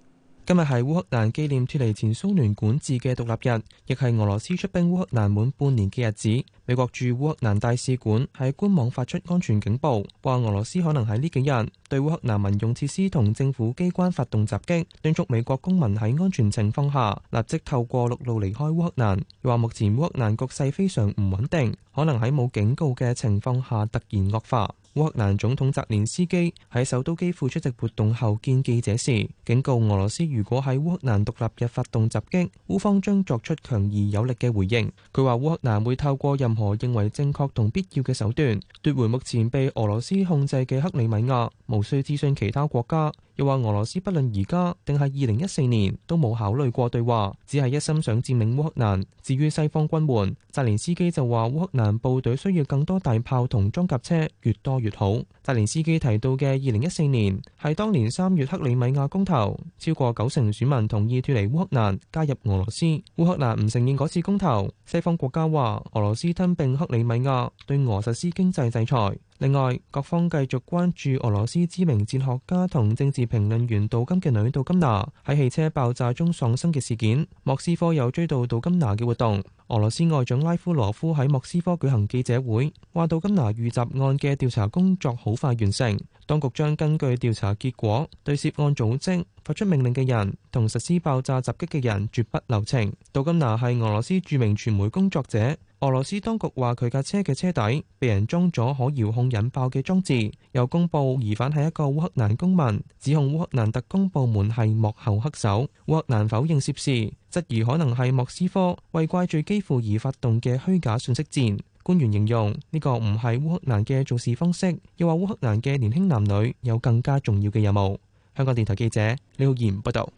今日係烏克蘭紀念脫離前蘇聯管治嘅獨立日，亦係俄羅斯出兵烏克蘭滿半年嘅日子。美國駐烏克蘭大使館喺官網發出安全警報，話俄羅斯可能喺呢幾日，對烏克蘭民用設施同政府機關發動襲擊，敦促美國公民喺安全情況下立即透過陸路離開烏克蘭。佢話目前烏克蘭局勢非常唔穩定，可能喺冇警告嘅情況下突然惡化。烏克蘭總統澤連斯基喺首都基輔出席活動後見記者時，警告俄羅斯如果喺烏克蘭獨立日發動襲擊，烏方將作出強而有力嘅回應。佢話烏克蘭會透過任何認為正確同必要嘅手段奪回目前被俄羅斯控制嘅克里米亞。無需諮詢其他國家，又話俄羅斯不論而家定係二零一四年都冇考慮過對話，只係一心想佔領烏克蘭。至於西方軍援，澤連斯基就話烏克蘭部隊需要更多大炮同裝甲車，越多越好。澤連斯基提到嘅二零一四年係當年三月克里米亞公投，超過九成選民同意脱離烏克蘭加入俄羅斯。烏克蘭唔承認嗰次公投，西方國家話俄羅斯吞併克里米亞對俄實施經濟制裁。另外，各方繼續關注俄羅斯知名哲學家同政治評論員杜金嘅女杜金娜喺汽車爆炸中喪生嘅事件。莫斯科有追悼杜金娜嘅活動，俄羅斯外長拉夫羅夫喺莫斯科舉行記者會，話杜金娜遇襲案嘅調查工作好快完成，當局將根據調查結果對涉案組織發出命令嘅人同實施爆炸襲擊嘅人絕不留情。杜金娜係俄羅斯著名傳媒工作者。俄羅斯當局話佢架車嘅車底被人裝咗可遙控引爆嘅裝置，又公布疑犯係一個烏克蘭公民，指控烏克蘭特工部門係幕後黑手，烏克蘭否認涉事，質疑可能係莫斯科為怪罪基輔而發動嘅虛假信息戰。官員形容呢、這個唔係烏克蘭嘅做事方式，又話烏克蘭嘅年輕男女有更加重要嘅任務。香港電台記者李浩然報道。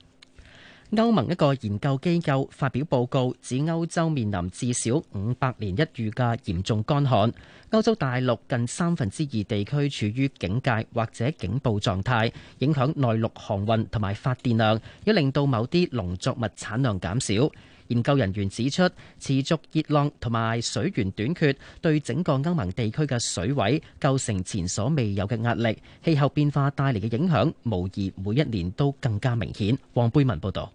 歐盟一個研究機構發表報告，指歐洲面臨至少五百年一遇嘅嚴重乾旱。歐洲大陸近三分之二地區處於警戒或者警報狀態，影響內陸航運同埋發電量，要令到某啲農作物產量減少。研究人員指出，持續熱浪同埋水源短缺對整個歐盟地區嘅水位構成前所未有嘅壓力。氣候變化帶嚟嘅影響，無疑每一年都更加明顯。黃貝文報導。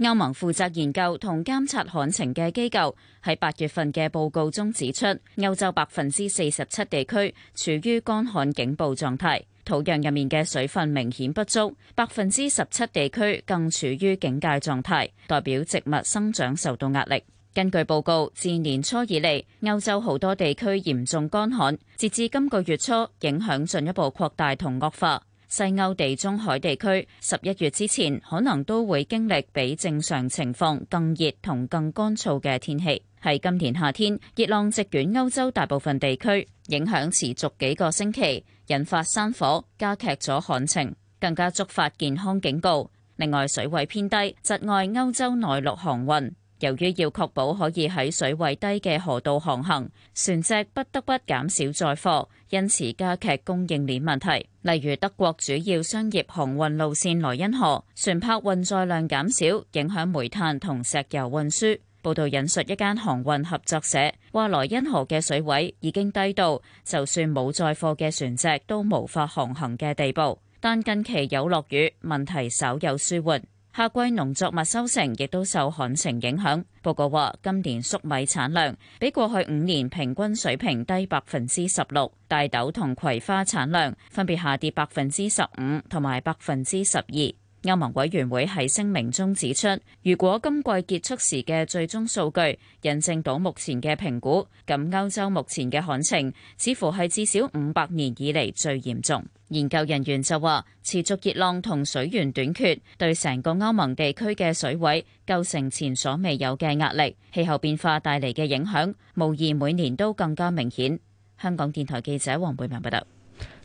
歐盟負責研究同監察旱情嘅機構喺八月份嘅報告中指出，歐洲百分之四十七地區處於乾旱警報狀態，土壤入面嘅水分明顯不足；百分之十七地區更處於警戒狀態，代表植物生長受到壓力。根據報告，自年初以嚟，歐洲好多地區嚴重乾旱，截至今個月初，影響進一步擴大同惡化。西歐地中海地區十一月之前，可能都會經歷比正常情況更熱同更乾燥嘅天氣。喺今年夏天，熱浪席捲歐洲大部分地區，影響持續幾個星期，引發山火，加劇咗旱情，更加觸發健康警告。另外，水位偏低，窒礙歐洲內陸航運。由於要確保可以喺水位低嘅河道航行，船隻不得不減少載貨，因此加劇供應鏈問題。例如，德國主要商業航運路線萊茵河，船舶運載量減少，影響煤炭同石油運輸。報道引述一間航運合作社話：萊茵河嘅水位已經低到就算冇載貨嘅船隻都無法航行嘅地步。但近期有落雨，問題稍有舒緩。夏季農作物收成亦都受旱情影響。報告話，今年粟米產量比過去五年平均水平低百分之十六，大豆同葵花產量分別下跌百分之十五同埋百分之十二。歐盟委員會喺聲明中指出，如果今季結束時嘅最終數據印證到目前嘅評估，咁歐洲目前嘅旱情似乎係至少五百年以嚟最嚴重。研究人員就話，持續熱浪同水源短缺對成個歐盟地區嘅水位構成前所未有嘅壓力。氣候變化帶嚟嘅影響，無疑每年都更加明顯。香港電台記者黃貝文報道。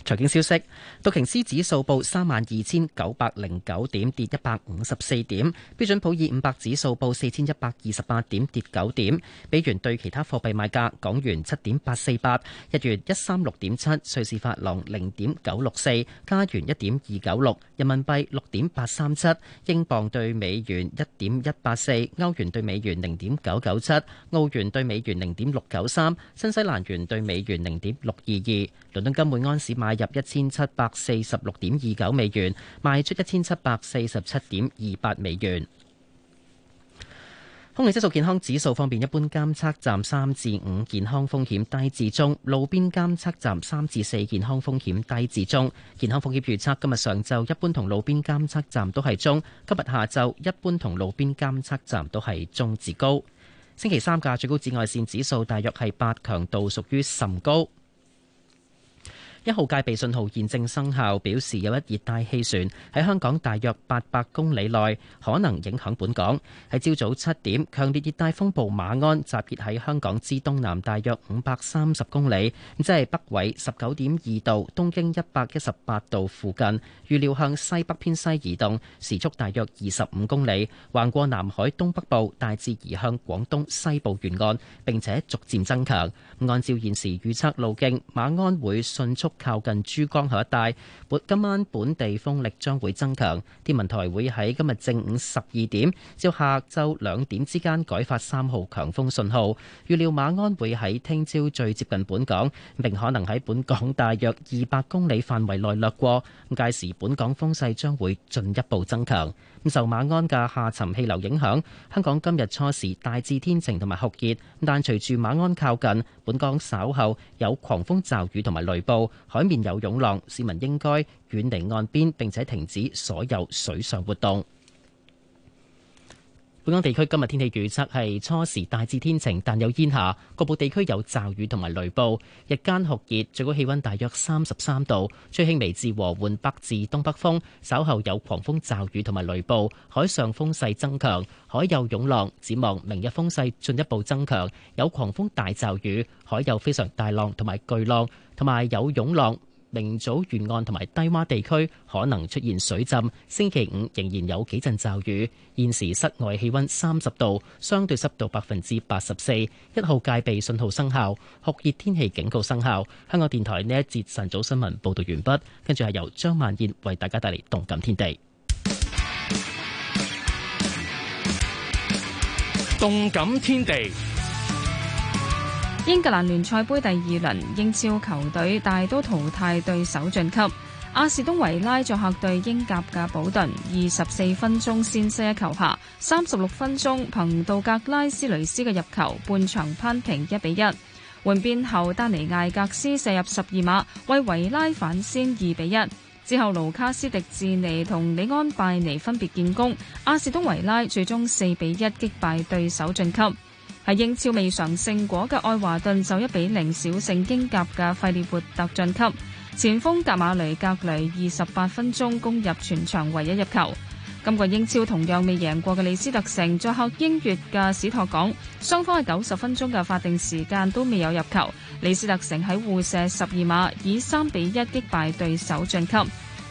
財經消息：道瓊斯指數報三萬二千九百零九點，跌一百五十四點；標準普爾五百指數報四千一百二十八點，跌九點。美元對其他貨幣賣價：港元七點八四八，日元一三六點七，瑞士法郎零點九六四，加元一點二九六，人民幣六點八三七，英鎊對美元一點一八四，歐元對美元零點九九七，澳元對美元零點六九三，新西蘭元對美元零點六二二。倫敦金每安士賣，買入一千七百四十六點二九美元，賣出一千七百四十七點二八美元。空氣質素健康指數方面，一般監測站三至五健康風險低至中，路邊監測站三至四健康風險低至中。健康風險預測今日上晝一般同路邊監測站都係中，今日下晝一般同路邊監測站都係中至高。星期三嘅最高紫外線指數大約係八，強度屬於甚高。一號戒備信號現正生效，表示有一熱帶氣旋喺香港大約八百公里內可能影響本港。喺朝早七點，強烈熱帶風暴馬鞍集結喺香港之東南大約五百三十公里，即係北緯十九點二度，東經一百一十八度附近。預料向西北偏西移動，時速大約二十五公里，橫過南海東北部，大致移向廣東西部沿岸，並且逐漸增強。按照現時預測路徑，馬鞍會迅速靠近珠江口一帶，本今晚本地風力將會增強，天文台會喺今日正午十二點至下晝兩點之間改發三號強風信號。預料馬鞍會喺聽朝最接近本港，並可能喺本港大約二百公里範圍內掠過，屆時本港風勢將會進一步增強。受馬鞍嘅下沉氣流影響，香港今日初時大致天晴同埋酷熱，但隨住馬鞍靠近本港，稍後有狂風驟雨同埋雷暴，海面有湧浪，市民應該遠離岸邊，並且停止所有水上活動。本港地區今日天氣預測係初時大致天晴，但有煙霞，局部地區有驟雨同埋雷暴。日間酷熱，最高氣溫大約三十三度，吹輕微至和緩北至東北風。稍後有狂風驟雨同埋雷暴，海上風勢增強，海有湧浪。展望明日風勢進一步增強，有狂風大驟雨，海有非常大浪同埋巨浪，同埋有湧浪。明早沿岸同埋低洼地區可能出現水浸，星期五仍然有幾陣驟雨。現時室外氣温三十度，相對濕度百分之八十四，一號戒備信號生效，酷熱天氣警告生效。香港電台呢一節晨早新聞報道完畢，跟住係由張萬燕為大家帶嚟動感天地。動感天地。英格蘭聯賽盃第二輪，英超球隊大多淘汰對手晉級。阿士東維拉作客對英甲嘅保頓，二十四分鐘先失一球下，下三十六分鐘憑道格拉斯雷斯嘅入球，半場扳平一比一。換邊後，丹尼艾格斯射入十二碼，為維拉反先二比一。之後，盧卡斯迪治尼同里安拜尼分別建功，阿士東維拉最終四比一擊敗對手晉級。喺英超未嘗勝果嘅愛華頓就一比零小勝英甲嘅費列活特晉級，前鋒格馬雷格雷二十八分鐘攻入全場唯一入球。今季英超同樣未贏過嘅李斯特城作客英乙嘅史托港，雙方喺九十分鐘嘅法定時間都未有入球，李斯特城喺互射十二碼以三比一擊敗對手晉級。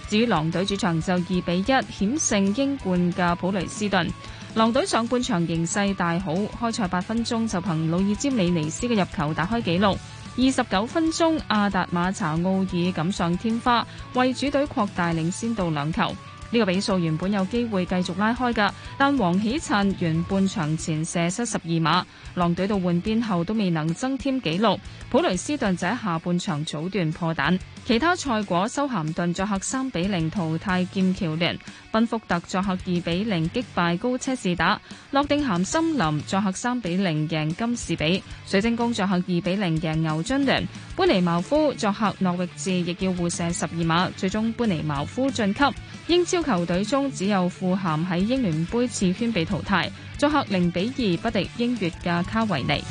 至於狼隊主場就二比一險勝英冠嘅普雷斯頓。狼隊上半場形勢大好，開賽八分鐘就憑魯爾詹里尼斯嘅入球打開紀錄，二十九分鐘阿達馬查奧爾錦上添花，為主隊擴大領先到兩球。呢個比數原本有機會繼續拉開㗎，但黃喜燦完半場前射失十二碼，狼隊到換邊後都未能增添紀錄。普雷斯頓就喺下半場早段破蛋，其他賽果，修咸頓作客三比零淘汰劍橋聯，賓福特作客二比零擊敗高車士打，諾定咸森林作客三比零贏金士比，水晶宮作客二比零贏牛津聯，搬尼茅夫作客諾域治亦要互射十二碼，最終搬尼茅夫晉級。英超球隊中只有富咸喺英聯盃次圈被淘汰，作客零比二不敵英乙嘅卡維尼。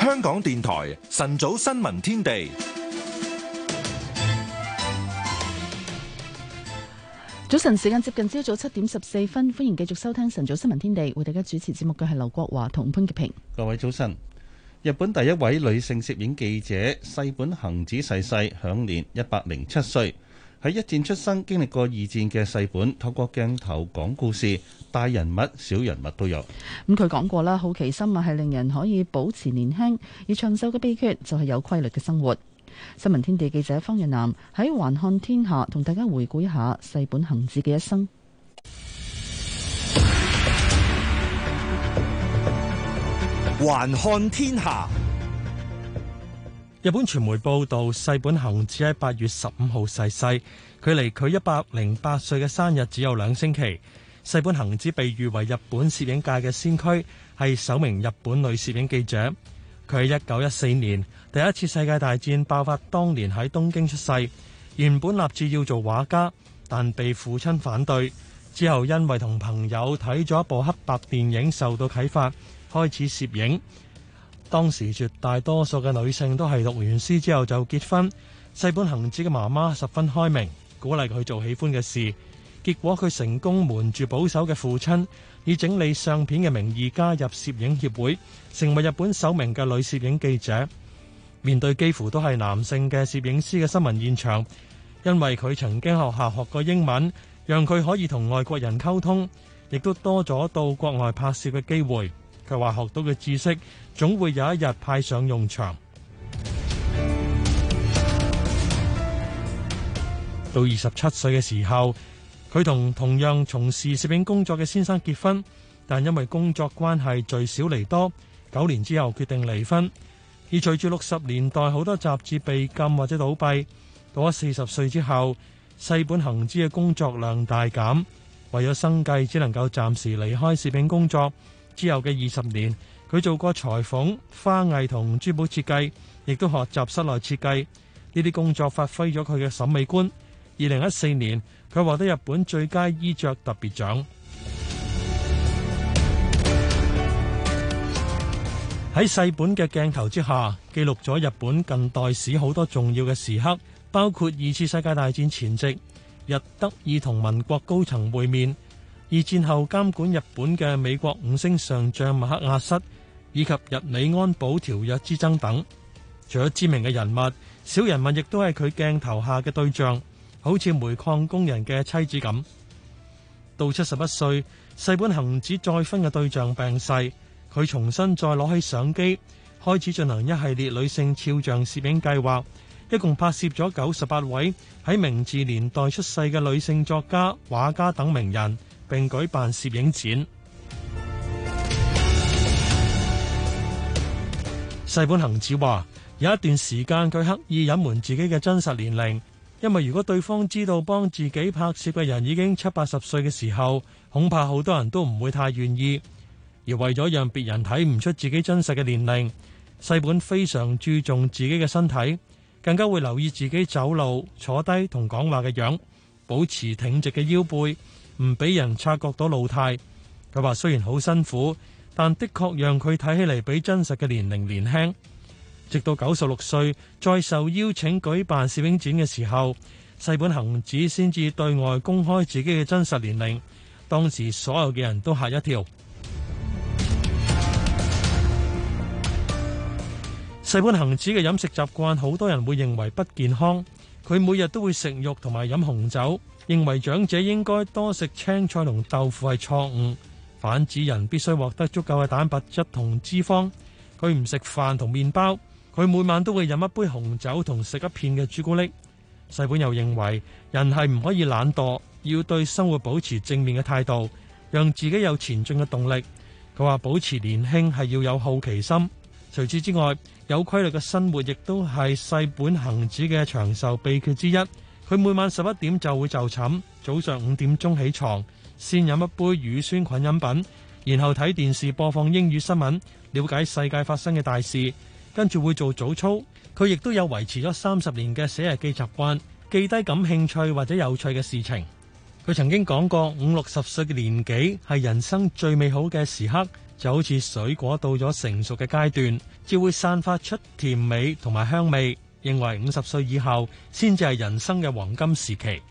香港電台晨早新聞天地。早晨，時間接近朝早七點十四分，歡迎繼續收聽晨早新聞天地。為大家主持節目嘅係劉國華同潘潔平。各位早晨！日本第一位女性攝影記者細本恒子逝世，享年一百零七歲。喺一戰出生，經歷過二戰嘅細本，透過鏡頭講故事，大人物、小人物都有。咁佢講過啦，好奇心啊係令人可以保持年輕，而長壽嘅秘訣就係有規律嘅生活。新聞天地記者方日南喺《環看天下》同大家回顧一下世本恒子嘅一生。環看天下。日本傳媒報道，世本恒子喺八月十五號逝世，距離佢一百零八歲嘅生日只有兩星期。世本恒子被譽為日本攝影界嘅先驅，係首名日本女攝影記者。佢喺一九一四年。第一次世界大戰爆發當年喺東京出世，原本立志要做畫家，但被父親反對。之後因為同朋友睇咗一部黑白電影，受到啟發，開始攝影。當時絕大多數嘅女性都係讀完書之後就結婚。笹本恆子嘅媽媽十分開明，鼓勵佢做喜歡嘅事。結果佢成功瞞住保守嘅父親，以整理相片嘅名義加入攝影協會，成為日本首名嘅女攝影記者。面對幾乎都係男性嘅攝影師嘅新聞現場，因為佢曾經學校學過英文，讓佢可以同外國人溝通，亦都多咗到國外拍攝嘅機會。佢話學到嘅知識總會有一日派上用場。到二十七歲嘅時候，佢同同樣從事攝影工作嘅先生結婚，但因為工作關係聚少離多，九年之後決定離婚。而隨住六十年代好多雜誌被禁或者倒閉，到咗四十歲之後，世本恆之嘅工作量大減，為咗生計只能夠暫時離開攝影工作。之後嘅二十年，佢做過裁縫、花藝同珠寶設計，亦都學習室內設計，呢啲工作發揮咗佢嘅審美觀。二零一四年，佢獲得日本最佳衣着特別獎。喺世本嘅鏡頭之下，記錄咗日本近代史好多重要嘅時刻，包括二次世界大戰前夕日德意同民國高層會面，二戰後監管日本嘅美國五星上將麥克阿瑟，以及日美安保條約之爭等。除咗知名嘅人物，小人物亦都係佢鏡頭下嘅對象，好似煤礦工人嘅妻子咁。到七十一歲，世本恒子再婚嘅對象病逝。佢重新再攞起相機，開始進行一系列女性肖像攝影計劃，一共拍攝咗九十八位喺明治年代出世嘅女性作家、畫家等名人，並舉辦攝影展。 世本恒子話：有一段時間佢刻意隱瞞自己嘅真實年齡，因為如果對方知道幫自己拍攝嘅人已經七八十歲嘅時候，恐怕好多人都唔會太願意。而為咗讓別人睇唔出自己真實嘅年齡，世本非常注重自己嘅身體，更加會留意自己走路、坐低同講話嘅樣，保持挺直嘅腰背，唔俾人察覺到老態。佢話：雖然好辛苦，但的確讓佢睇起嚟比真實嘅年齡年輕。直到九十六歲再受邀請舉辦攝影展嘅時候，世本幸子先至對外公開自己嘅真實年齡，當時所有嘅人都嚇一跳。細本恒子嘅飲食習慣，好多人會認為不健康。佢每日都會食肉同埋飲紅酒，認為長者應該多食青菜同豆腐係錯誤。反指人必須獲得足夠嘅蛋白質同脂肪。佢唔食飯同麪包，佢每晚都會飲一杯紅酒同食一片嘅朱古力。細本又認為人係唔可以懶惰，要對生活保持正面嘅態度，讓自己有前進嘅動力。佢話保持年輕係要有好奇心。除此之外，有規律嘅生活亦都係世本恒子嘅長壽秘訣之一。佢每晚十一點就會就寢，早上五點鐘起床，先飲一杯乳酸菌飲品，然後睇電視播放英語新聞，了解世界發生嘅大事。跟住會做早操。佢亦都有維持咗三十年嘅寫日記習慣，記低感興趣或者有趣嘅事情。佢曾經講過，五六十歲嘅年紀係人生最美好嘅時刻。就好似水果到咗成熟嘅階段，至會散發出甜美同埋香味。認為五十歲以後先至係人生嘅黃金時期。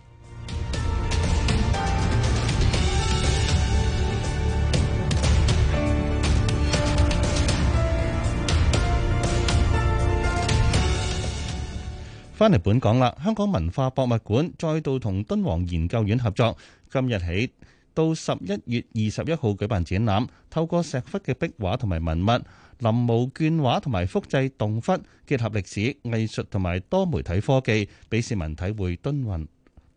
翻嚟本港啦，香港文化博物館再度同敦煌研究院合作，今日起。到十一月二十一號舉辦展覽，透過石窟嘅壁畫同埋文物，臨摹絹畫同埋複製洞窟，結合歷史、藝術同埋多媒體科技，俾市民體會敦煌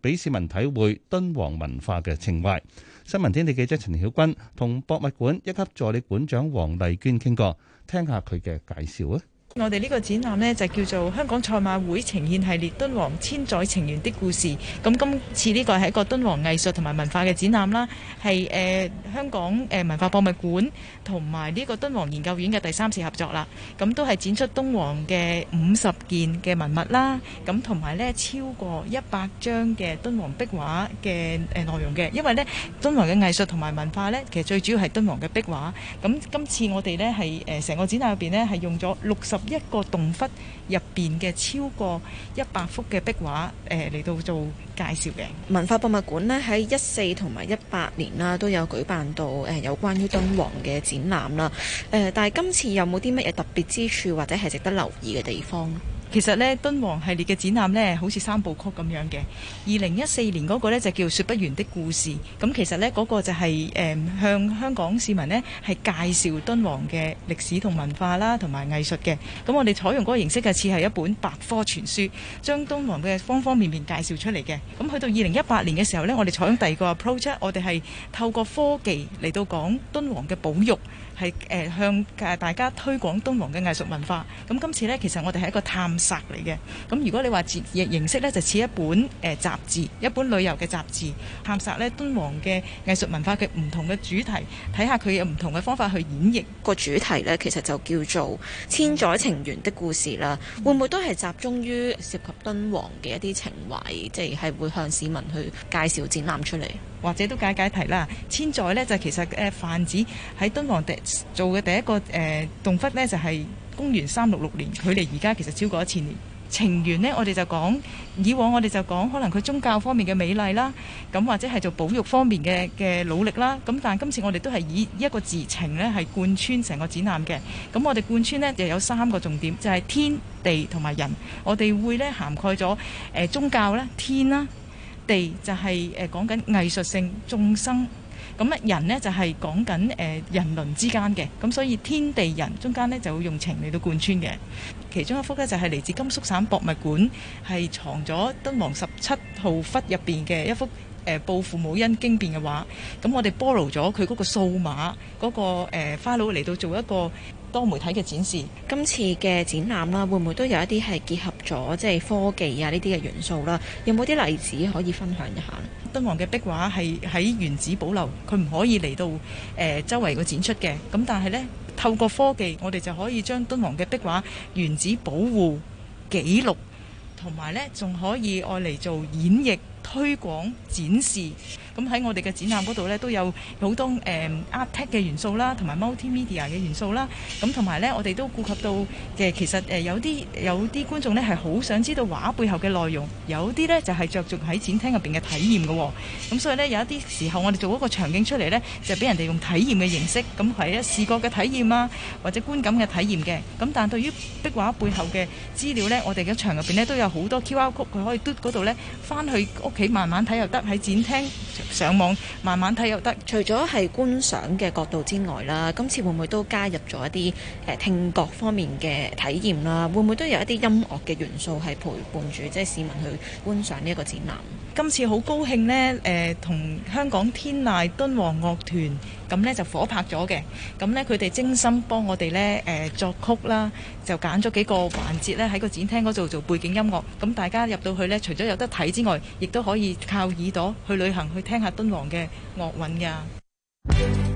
俾市民體會敦煌文化嘅情懷。新聞天地記者陳曉君同博物館一級助理館長黃麗娟傾過，聽下佢嘅介紹啊。我哋呢個展覽咧就叫做《香港賽馬會呈現系列：敦煌千載情緣的故事》。咁今次呢個係一個敦煌藝術同埋文化嘅展覽啦，係誒香港誒文化博物館同埋呢個敦煌研究院嘅第三次合作啦。咁都係展出敦煌嘅五十件嘅文物啦，咁同埋咧超過一百張嘅敦煌壁畫嘅誒內容嘅。因為咧敦煌嘅藝術同埋文化咧，其實最主要係敦煌嘅壁畫。咁今次我哋咧係誒成個展覽入邊咧係用咗六十。一個洞窟入邊嘅超過一百幅嘅壁畫，誒、呃、嚟到做介紹嘅。文化博物館呢喺一四同埋一八年啦，都有舉辦到誒、呃、有關於敦煌嘅展覽啦、呃。但係今次有冇啲乜嘢特別之處，或者係值得留意嘅地方？其實咧敦煌系列嘅展覽咧，好似三部曲咁樣嘅。二零一四年嗰個呢就叫《說不完的故事》，咁、嗯、其實咧嗰、那個就係、是、誒、呃、向香港市民咧係介紹敦煌嘅歷史同文化啦，同埋藝術嘅。咁、嗯、我哋採用嗰個形式嘅似係一本百科全書，將敦煌嘅方方面面介紹出嚟嘅。咁、嗯、去到二零一八年嘅時候咧，我哋採用第二個 project，我哋係透過科技嚟到講敦煌嘅保育，係誒、呃、向大家推廣敦煌嘅藝術文化。咁、嗯、今次呢，其實我哋係一個探。殺嚟嘅，咁如果你話字形式呢，就似一本誒雜誌，一本旅遊嘅雜誌，探索呢敦煌嘅藝術文化嘅唔同嘅主題，睇下佢有唔同嘅方法去演繹個主題呢，其實就叫做千載情緣的故事啦。嗯、會唔會都係集中於涉及敦煌嘅一啲情懷，即係係會向市民去介紹展覽出嚟，或者都解解題啦。千載呢，就其實誒、呃、泛指喺敦煌第做嘅第一個誒、呃、洞窟呢就係、是。公元三六六年，距離而家其實超過一千年。情緣呢，我哋就講以往，我哋就講可能佢宗教方面嘅美麗啦，咁或者係做保育方面嘅嘅努力啦。咁但係今次我哋都係以一個字情呢，係貫穿成個展覽嘅。咁我哋貫穿呢就有三個重點，就係天地同埋人。我哋會呢涵蓋咗誒宗教啦、天啦，地就係誒講緊藝術性眾生。咁人呢就係講緊誒人倫之間嘅，咁所以天地人中間呢就會用情嚟到貫穿嘅。其中一幅呢就係嚟自甘肅省博物館，係藏咗敦煌十七號窟入邊嘅一幅誒報父母恩經變嘅畫。咁我哋 borrow 咗佢嗰個數碼嗰個誒 file 嚟到做一個。多媒體嘅展示，今次嘅展覽啦、啊，會唔會都有一啲係結合咗即係科技啊呢啲嘅元素啦？有冇啲例子可以分享一下？敦煌嘅壁畫係喺原址保留，佢唔可以嚟到誒、呃、周圍個展出嘅。咁但係呢，透過科技，我哋就可以將敦煌嘅壁畫原址保護記錄，同埋呢仲可以愛嚟做演繹。推廣展示，咁喺我哋嘅展覽嗰度呢，都有好多誒 art tech 嘅元素啦，同埋 multimedia 嘅元素啦，咁同埋呢，我哋都顧及到嘅，其實誒有啲有啲觀眾呢係好想知道畫背後嘅內容，有啲呢就係着重喺展廳入邊嘅體驗嘅、哦，咁所以呢，有一啲時候我哋做一個場景出嚟呢，就俾人哋用體驗嘅形式，咁係啊視覺嘅體驗啊，或者觀感嘅體驗嘅，咁但對於壁畫背後嘅資料呢，我哋嘅場入邊呢，都有好多 QR code，佢可以嘟嗰度呢翻去。屋企慢慢睇又得，喺展廳上網慢慢睇又得。除咗係觀賞嘅角度之外啦，今次會唔會都加入咗一啲誒聽覺方面嘅體驗啦？會唔會都有一啲音樂嘅元素係陪伴住，即係市民去觀賞呢一個展覽？今次好高興咧，誒、呃、同香港天籟敦煌樂團。咁呢就火拍咗嘅。咁呢佢哋精心幫我哋呢誒作曲啦，就揀咗幾個環節呢喺個展廳嗰度做背景音樂，咁大家入到去呢，除咗有得睇之外，亦都可以靠耳朵去旅行，去聽下敦煌嘅樂韻㗎。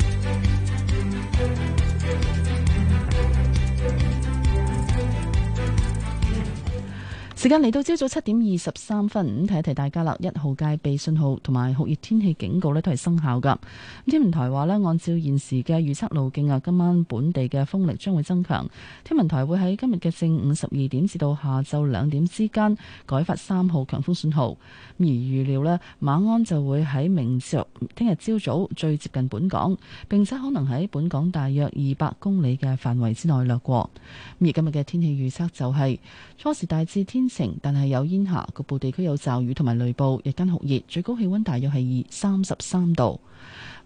時間嚟到朝早七點二十三分，咁提一提大家啦，一號戒備信號同埋酷熱天氣警告咧，都係生效噶。天文台話咧，按照現時嘅預測路徑啊，今晚本地嘅風力將會增強。天文台會喺今日嘅正午十二點至到下晝兩點之間改發三號強風信號。而預料咧，馬鞍就會喺明朝、聽日朝早最接近本港，並且可能喺本港大約二百公里嘅範圍之內掠過。而今日嘅天氣預測就係、是、初時大致天。但係有煙霞，局部地區有驟雨同埋雷暴。日間酷熱，最高氣溫大約係二三十三度。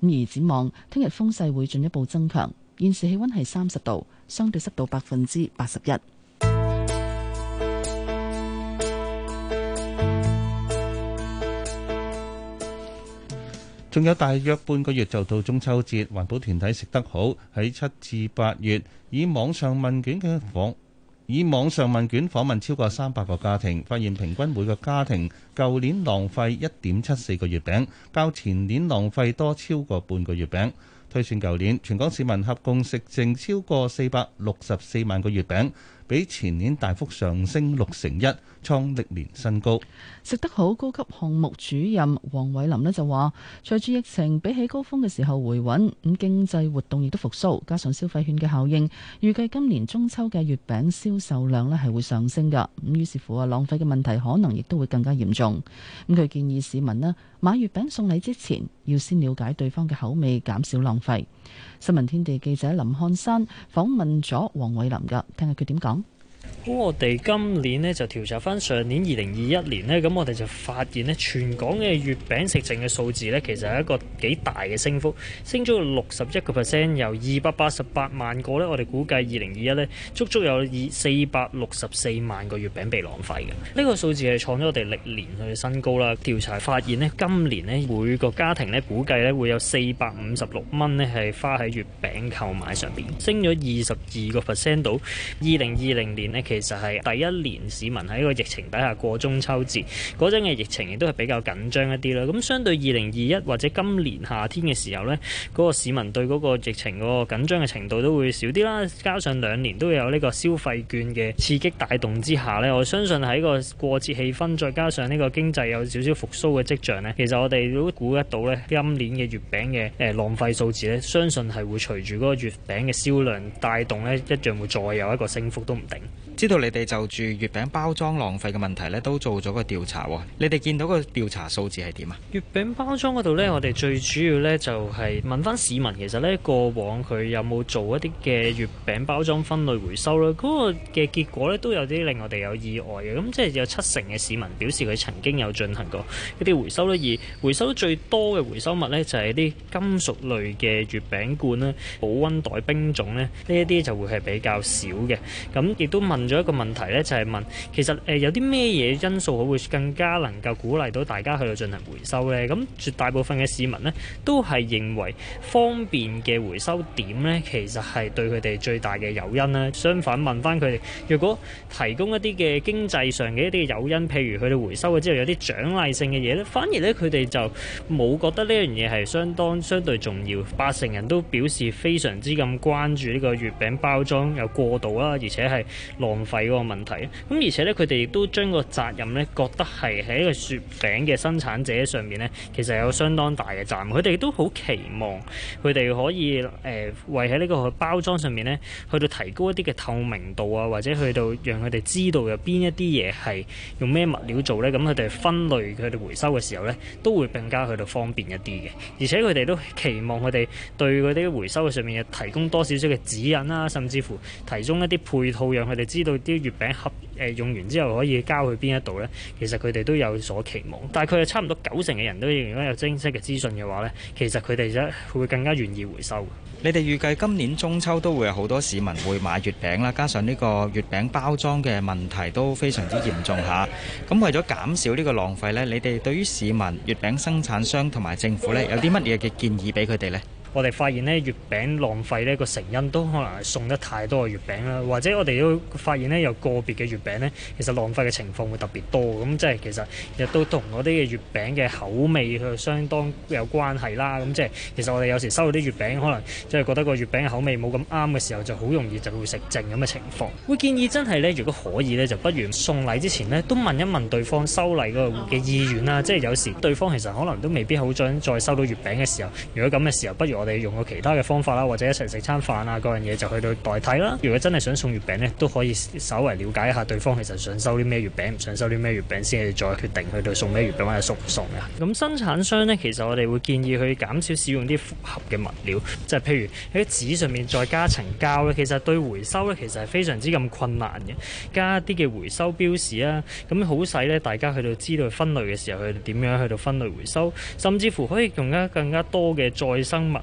而展望，聽日風勢會進一步增強。現時氣溫係三十度，相對濕度百分之八十一。仲有大約半個月就到中秋節，環保團體食得好，喺七至八月，以網上問卷嘅訪。以網上問卷訪問超過三百個家庭，發現平均每個家庭舊年浪費一點七四個月餅，較前年浪費多超過半個月餅。推算舊年全港市民合共食剩超過四百六十四萬個月餅。比前年大幅上升六成一，創歷年新高。食得好高級項目主任黃偉林呢就話，隨住疫情比起高峰嘅時候回穩，咁經濟活動亦都復蘇，加上消費券嘅效應，預計今年中秋嘅月餅銷售量咧，係會上升噶，咁於是乎啊，浪費嘅問題可能亦都會更加嚴重。咁佢建議市民咧。買月餅送禮之前，要先了解對方嘅口味，減少浪費。新聞天地記者林漢山訪問咗黃偉林㗎，聽下佢點講。咁我哋今年咧就調查翻上年二零二一年咧，咁我哋就發現咧全港嘅月餅食剩嘅數字咧，其實係一個幾大嘅升幅，升咗六十一個 percent，由二百八十八萬個咧，我哋估計二零二一咧，足足有二四百六十四萬個月餅被浪費嘅。呢個數字係創咗我哋歷年去嘅新高啦。調查發現呢，今年呢，每個家庭呢，估計咧會有四百五十六蚊呢，係花喺月餅購買上邊，升咗二十二個 percent 到。二零二零年呢。其實係第一年市民喺個疫情底下過中秋節，嗰陣嘅疫情亦都係比較緊張一啲啦。咁相對二零二一或者今年夏天嘅時候呢，嗰個市民對嗰個疫情嗰個緊張嘅程度都會少啲啦。加上兩年都有呢個消費券嘅刺激帶動之下呢，我相信喺個過節氣氛，再加上呢個經濟有少少復甦嘅跡象呢，其實我哋都估得到呢今年嘅月餅嘅誒浪費數字呢，相信係會隨住嗰個月餅嘅銷量帶動呢，一樣會再有一個升幅都唔定。知道你哋就住月餅包裝浪費嘅問題咧，都做咗個調查。你哋見到個調查數字係點啊？月餅包裝嗰度咧，我哋最主要咧就係問翻市民，其實咧過往佢有冇做一啲嘅月餅包裝分類回收咧？嗰個嘅結果咧都有啲令我哋有意外嘅。咁即係有七成嘅市民表示佢曾經有進行過一啲回收咧，而回收最多嘅回收物咧就係啲金屬類嘅月餅罐啦、保溫袋、冰種咧，呢一啲就會係比較少嘅。咁亦都問咗。一個問題咧，就係、是、問其實誒、呃、有啲咩嘢因素會更加能夠鼓勵到大家去到進行回收咧？咁絕大部分嘅市民呢都係認為方便嘅回收點呢，其實係對佢哋最大嘅誘因啦、啊。相反問翻佢哋，若果提供一啲嘅經濟上嘅一啲嘅誘因，譬如佢哋回收咗之後有啲獎勵性嘅嘢咧，反而咧佢哋就冇覺得呢樣嘢係相當相對重要。八成人都表示非常之咁關注呢個月餅包裝有過度啦、啊，而且係浪。費嗰個問題，咁而且咧，佢哋亦都將個責任咧，覺得係喺一個雪餅嘅生產者上面咧，其實有相當大嘅責任。佢哋都好期望佢哋可以誒、呃，為喺呢個包裝上面咧，去到提高一啲嘅透明度啊，或者去到讓佢哋知道有邊一啲嘢係用咩物料做咧，咁佢哋分類佢哋回收嘅時候咧，都會更加去到方便一啲嘅。而且佢哋都期望佢哋對嗰啲回收嘅上面提供多少少嘅指引啦、啊，甚至乎提供一啲配套，讓佢哋知到啲月餅盒誒用完之後可以交去邊一度呢？其實佢哋都有所期望，但係佢哋差唔多九成嘅人都認為有正式嘅資訊嘅話呢，其實佢哋呢會更加願意回收。你哋預計今年中秋都會有好多市民會買月餅啦，加上呢個月餅包裝嘅問題都非常之嚴重吓。咁為咗減少呢個浪費呢，你哋對於市民、月餅生產商同埋政府呢，有啲乜嘢嘅建議俾佢哋呢？我哋發現呢，月餅浪費呢個成因都可能係送得太多嘅月餅啦，或者我哋都發現呢，有個別嘅月餅呢，其實浪費嘅情況會特別多。咁即係其實亦都同嗰啲嘅月餅嘅口味佢相當有關係啦。咁即係其實我哋有時收到啲月餅，可能即係覺得個月餅嘅口味冇咁啱嘅時候，就好容易就會食剩咁嘅情況。會建議真係呢，如果可以呢，就不如送禮之前呢，都問一問對方收禮個嘅意願啦。即係有時對方其實可能都未必好想再收到月餅嘅時候，如果咁嘅時候，不如我。我哋用個其他嘅方法啦，或者一齊食餐飯啊，各樣嘢就去到代替啦。如果真係想送月餅咧，都可以稍微了解一下對方其實想收啲咩月餅，唔想收啲咩月餅先去再決定去到送咩月餅或者送唔送嘅。咁生產商咧，其實我哋會建議佢減少使用啲複合嘅物料，即係譬如喺紙上面再加層膠咧，其實對回收咧其實係非常之咁困難嘅。加啲嘅回收標示啊，咁好使咧，大家去到知道分類嘅時候，去點樣去到分類回收，甚至乎可以用一更加多嘅再生物。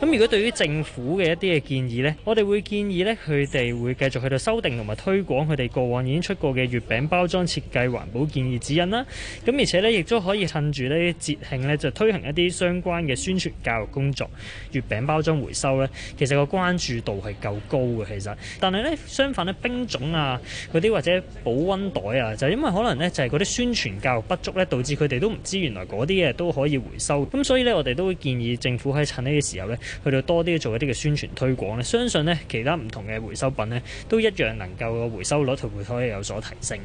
咁，如果對於政府嘅一啲嘅建議呢，我哋會建議呢，佢哋會繼續去到修訂同埋推廣佢哋過往已經出過嘅月餅包裝設計環保建議指引啦。咁而且呢，亦都可以趁住呢啲節慶呢，就推行一啲相關嘅宣傳教育工作。月餅包裝回收呢，其實個關注度係夠高嘅。其實，但係呢，相反呢，冰種啊嗰啲或者保溫袋啊，就是、因為可能呢，就係嗰啲宣傳教育不足呢，導致佢哋都唔知原來嗰啲嘢都可以回收。咁所以呢，我哋都會建議政府喺趁呢個時候咧，去到多啲做一啲嘅宣傳推廣咧，相信咧其他唔同嘅回收品咧，都一樣能夠個回收率同回收率有所提升。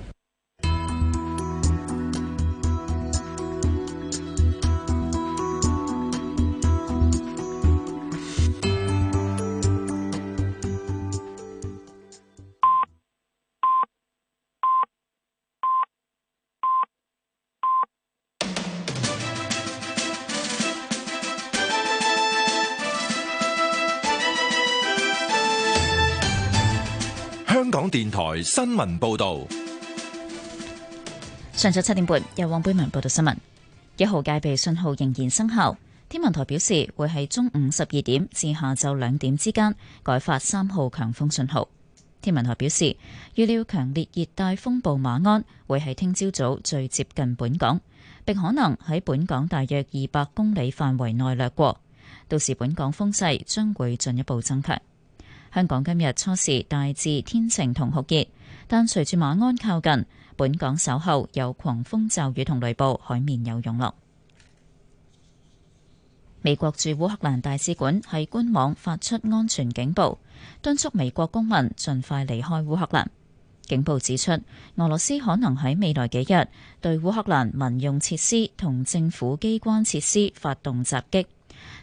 電台新聞報道：上晝七點半，由黃貝文報道新聞。一號戒備信號仍然生效。天文台表示，會喺中午十二點至下晝兩點之間改發三號強風信號。天文台表示，預料強烈熱帶風暴馬鞍會喺聽朝早最接近本港，並可能喺本港大約二百公里範圍內掠過。到時本港風勢將會進一步增強。香港今日初時大致天晴同酷熱，但隨住馬鞍靠近，本港稍後有狂風驟雨同雷暴，海面有湧浪。美國駐烏克蘭大使館喺官網發出安全警報，敦促美國公民盡快離開烏克蘭。警報指出，俄羅斯可能喺未來幾日對烏克蘭民用設施同政府機關設施發動襲擊。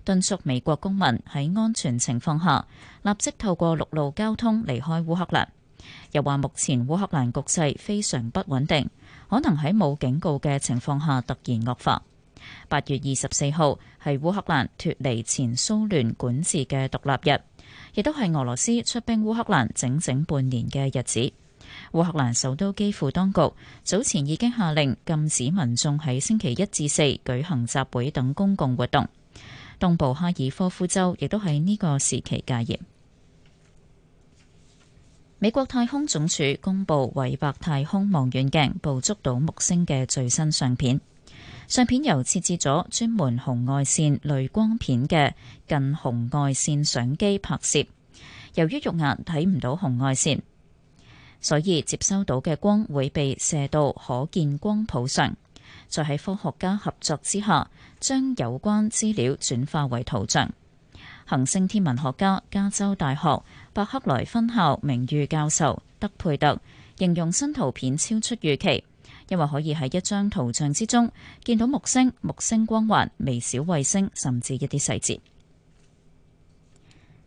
敦促美國公民喺安全情況下立即透過陸路交通離開烏克蘭。又話，目前烏克蘭局勢非常不穩定，可能喺冇警告嘅情況下突然惡化。八月二十四號係烏克蘭脫離前蘇聯管治嘅獨立日，亦都係俄羅斯出兵烏克蘭整整半年嘅日子。烏克蘭首都基輔當局早前已經下令禁止民眾喺星期一至四舉行集會等公共活動。東部哈爾科夫州亦都喺呢個時期戒嚴。美國太空總署公布韋伯太空望遠鏡捕捉到木星嘅最新相片，相片由設置咗專門紅外線濾光片嘅近紅外線相機拍攝。由於肉眼睇唔到紅外線，所以接收到嘅光會被射到可見光譜上。在喺科學家合作之下，將有關資料轉化為圖像。恒星天文學家加州大學伯克萊分校名譽教授德佩特形容新圖片超出預期，因為可以喺一張圖像之中見到木星、木星光環、微小衛星，甚至一啲細節。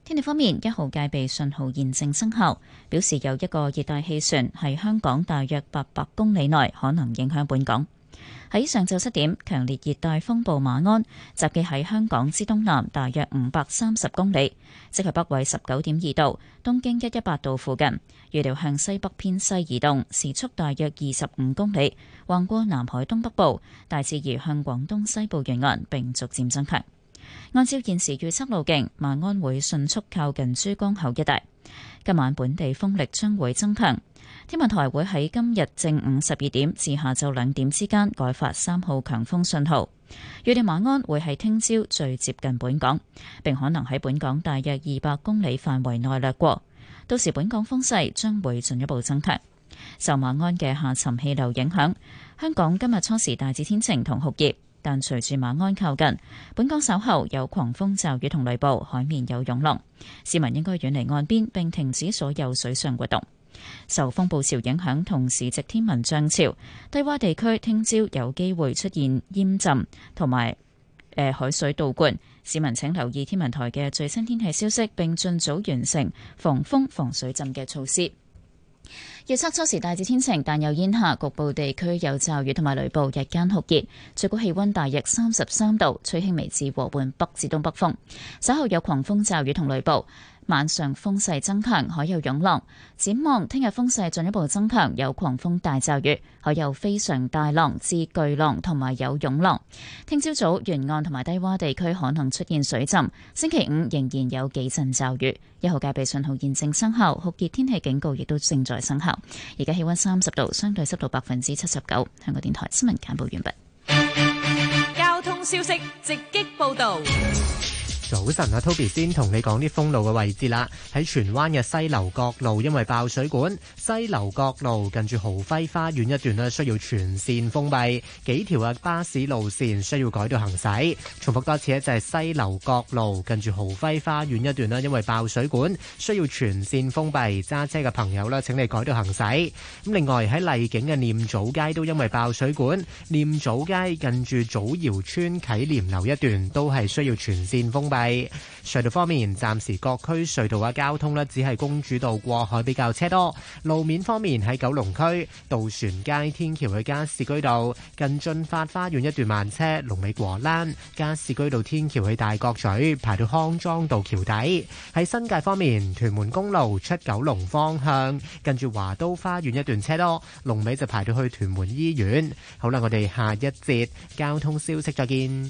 天氣方面，一號戒備信號現正生效，表示有一個熱帶氣旋喺香港大約八百公里內，可能影響本港。喺上晝七點，強烈熱帶風暴馬鞍集結喺香港之東南，大約五百三十公里，即係北緯十九點二度，東經一一八度附近。預料向西北偏西移動，時速大約二十五公里，橫過南海東北部，大致移向廣東西部沿岸，並逐漸增強。按照現時預測路徑，馬鞍會迅速靠近珠江口一帶，今晚本地風力將會增強。天文台會喺今日正午十二點至下晝兩點之間改發三號強風信號。預定馬鞍會喺聽朝最接近本港，並可能喺本港大約二百公里範圍內掠過。到時本港風勢將會進一步增強。受馬鞍嘅下沉氣流影響，香港今日初時大致天晴同酷熱，但隨住馬鞍靠近，本港稍後有狂風、驟雨同雷暴，海面有湧浪。市民應該遠離岸邊並停止所有水上活動。受風暴潮影響，同時值天文漲潮，低洼地區聽朝有機會出現淹浸同埋誒海水倒灌。市民請留意天文台嘅最新天氣消息，並盡早完成防風防水浸嘅措施。預測初時大致天晴，但有煙霞，局部地區有驟雨同埋雷暴。日間酷熱，最高氣温大約三十三度，吹輕微至和緩北至東北風。稍後有狂風驟雨同雷暴。晚上風勢增強，海有湧浪。展望聽日風勢進一步增強，有狂風大驟雨，海有非常大浪至巨浪，同埋有湧浪。聽朝早沿岸同埋低洼地區可能出現水浸。星期五仍然有幾陣驟雨。一號戒備信號現正生效，酷熱天氣警告亦都正在生效。而家氣温三十度，相對濕度百分之七十九。香港電台新聞簡報完畢。交通消息直擊報道。早晨啊，Toby 先同你講啲封路嘅位置啦。喺荃灣嘅西樓角路，因為爆水管，西樓角路近住豪輝花園一段咧，需要全線封閉，幾條嘅巴士路線需要改道行駛。重複多次咧，就係西樓角路近住豪輝花園一段咧，因為爆水管，需要全線封閉。揸車嘅朋友咧，請你改道行駛。咁另外喺麗景嘅念祖街都因為爆水管，念祖街近住祖堯邨啟廉樓一段都係需要全線封閉。喺隧道方面，暫時各區隧道嘅交通咧，只係公主道過海比較車多。路面方面喺九龍區渡船街天橋去加士居道近駿發花園一段慢車，龍尾過欄；加士居道天橋去大角咀排到康莊道橋底。喺新界方面，屯門公路出九龍方向近住華都花園一段車多，龍尾就排到去屯門醫院。好啦，我哋下一節交通消息再見。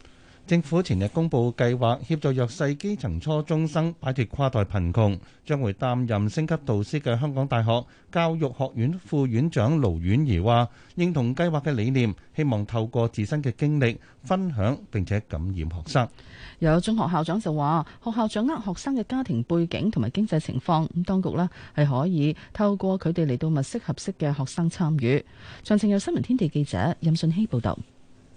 政府前日公布，計劃協助弱勢基層初中生擺脫跨代貧窮。將會擔任升級導師嘅香港大學教育學院副院長盧婉儀話，認同計劃嘅理念，希望透過自身嘅經歷分享，並且感染學生。有中學校長就話學校掌握學生嘅家庭背景同埋經濟情況，咁當局咧係可以透過佢哋嚟到物色合適嘅學生參與，詳情有新聞天地記者任信希報道。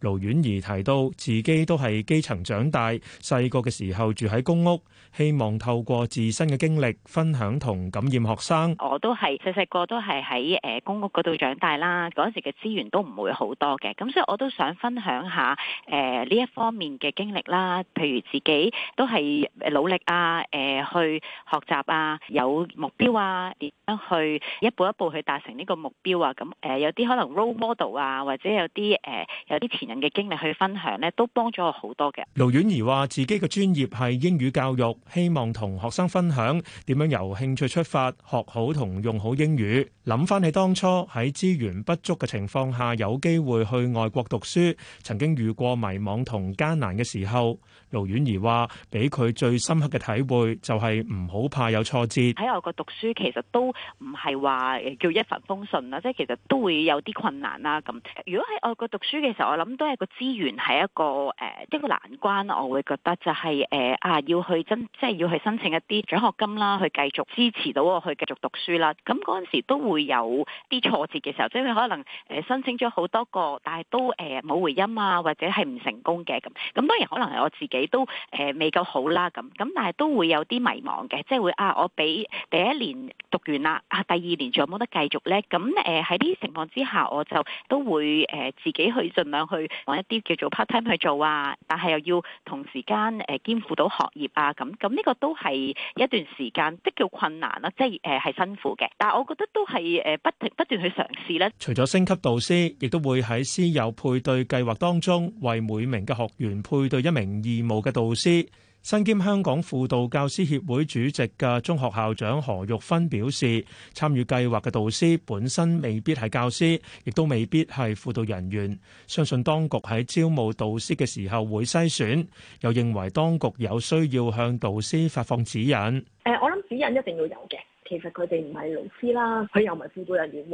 盧婉儀提到，自己都係基層長大，細個嘅時候住喺公屋。希望透過自身嘅經歷分享同感染學生，我都係細細個都係喺誒公屋嗰度長大啦。嗰時嘅資源都唔會好多嘅，咁所以我都想分享下誒呢、呃、一方面嘅經歷啦。譬如自己都係努力啊，誒、呃、去學習啊，有目標啊，點樣去一步一步去達成呢個目標啊。咁、呃、誒有啲可能 role model 啊，或者有啲誒、呃、有啲前人嘅經歷去分享咧，都幫咗我好多嘅。盧婉儀話：自己嘅專業係英語教育。希望同學生分享點樣由興趣出發學好同用好英語，諗翻起當初喺資源不足嘅情況下有機會去外國讀書，曾經遇過迷惘同艱難嘅時候。盧婉儀話俾佢最深刻嘅體會就係唔好怕有挫折。喺外國讀書其實都唔係話誒叫一帆風順啦，即係其實都會有啲困難啦。咁如果喺外國讀書嘅時候，我諗都係個資源係一個誒一個難關，我會覺得就係誒啊，要去真。即係要去申請一啲獎學金啦，去繼續支持到我去繼續讀書啦。咁嗰陣時都會有啲挫折嘅時候，即係可能誒申請咗好多個，但係都誒冇回音啊，或者係唔成功嘅咁。咁當然可能係我自己都誒未夠好啦咁，咁但係都會有啲迷茫嘅，即係會啊，我俾第一年讀完啦，啊第二年仲有冇得繼續咧？咁誒喺呢啲情況之下，我就都會誒自己去儘量去揾一啲叫做 part time 去做啊，但係又要同時間誒兼顧到學業啊咁。咁呢個都係一段時間，即叫困難啦，即係誒係辛苦嘅。但係我覺得都係誒不停不斷去嘗試咧。除咗升級導師，亦都會喺師友配對計劃當中，為每名嘅學員配對一名義務嘅導師。身兼香港輔導教師協會主席嘅中學校長何玉芬表示，參與計劃嘅導師本身未必係教師，亦都未必係輔導人員。相信當局喺招募導師嘅時候會篩選，又認為當局有需要向導師發放指引。誒，我諗指引一定要有嘅。其實佢哋唔係老師啦，佢又唔係輔導人員，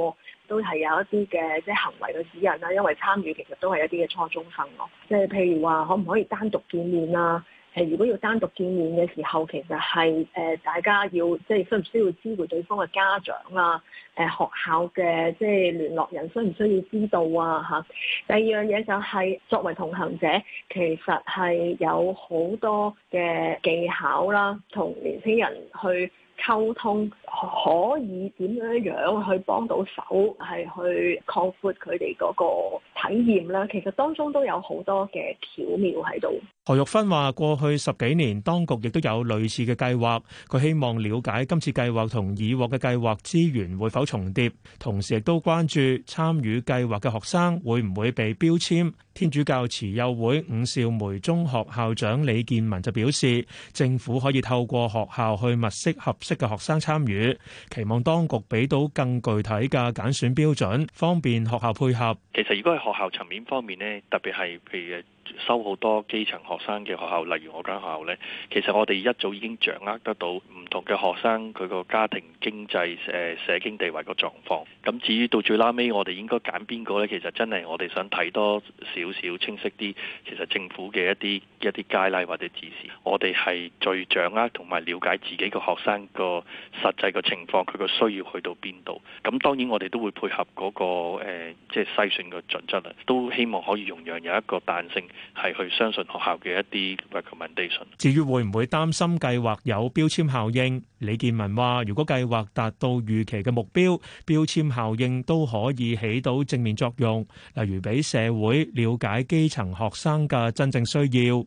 都係有一啲嘅即係行為嘅指引啦。因為參與其實都係一啲嘅初中生咯，即係譬如話可唔可以單獨見面啊？誒，如果要單獨見面嘅時候，其實係誒，大家要即係、就是、需唔需要知會對方嘅家長啊？誒，學校嘅即係聯絡人需唔需要知道啊？嚇。第二樣嘢就係、是、作為同行者，其實係有好多嘅技巧啦，同年輕人去溝通，可以點樣樣去幫到手，係去擴闊佢哋嗰個體驗啦。其實當中都有好多嘅巧妙喺度。何玉芬話：過去十幾年，當局亦都有類似嘅計劃。佢希望了解今次計劃同以往嘅計劃資源會否重疊，同時亦都關注參與計劃嘅學生會唔會被標籤。天主教慈幼會伍少梅中學校長李建文就表示：政府可以透過學校去物色合適嘅學生參與，期望當局俾到更具體嘅揀選標準，方便學校配合。其實如果係學校層面方面呢，特別係譬如。收好多基層學生嘅學校，例如我間學校呢。其實我哋一早已經掌握得到唔同嘅學生佢個家庭經濟誒社經地位個狀況。咁至於到最拉尾，我哋應該揀邊個呢？其實真係我哋想睇多少少清晰啲，其實政府嘅一啲一啲界例或者指示，我哋係最掌握同埋了解自己個學生個實際嘅情況，佢個需要去到邊度。咁當然我哋都會配合嗰、那個、呃、即係篩選嘅準則啊，都希望可以容讓有一個彈性。係去相信學校嘅一啲 recommendation。至於會唔會擔心計劃有標籤效應？李建文話：如果計劃達到預期嘅目標，標籤效應都可以起到正面作用，例如俾社會瞭解基層學生嘅真正需要。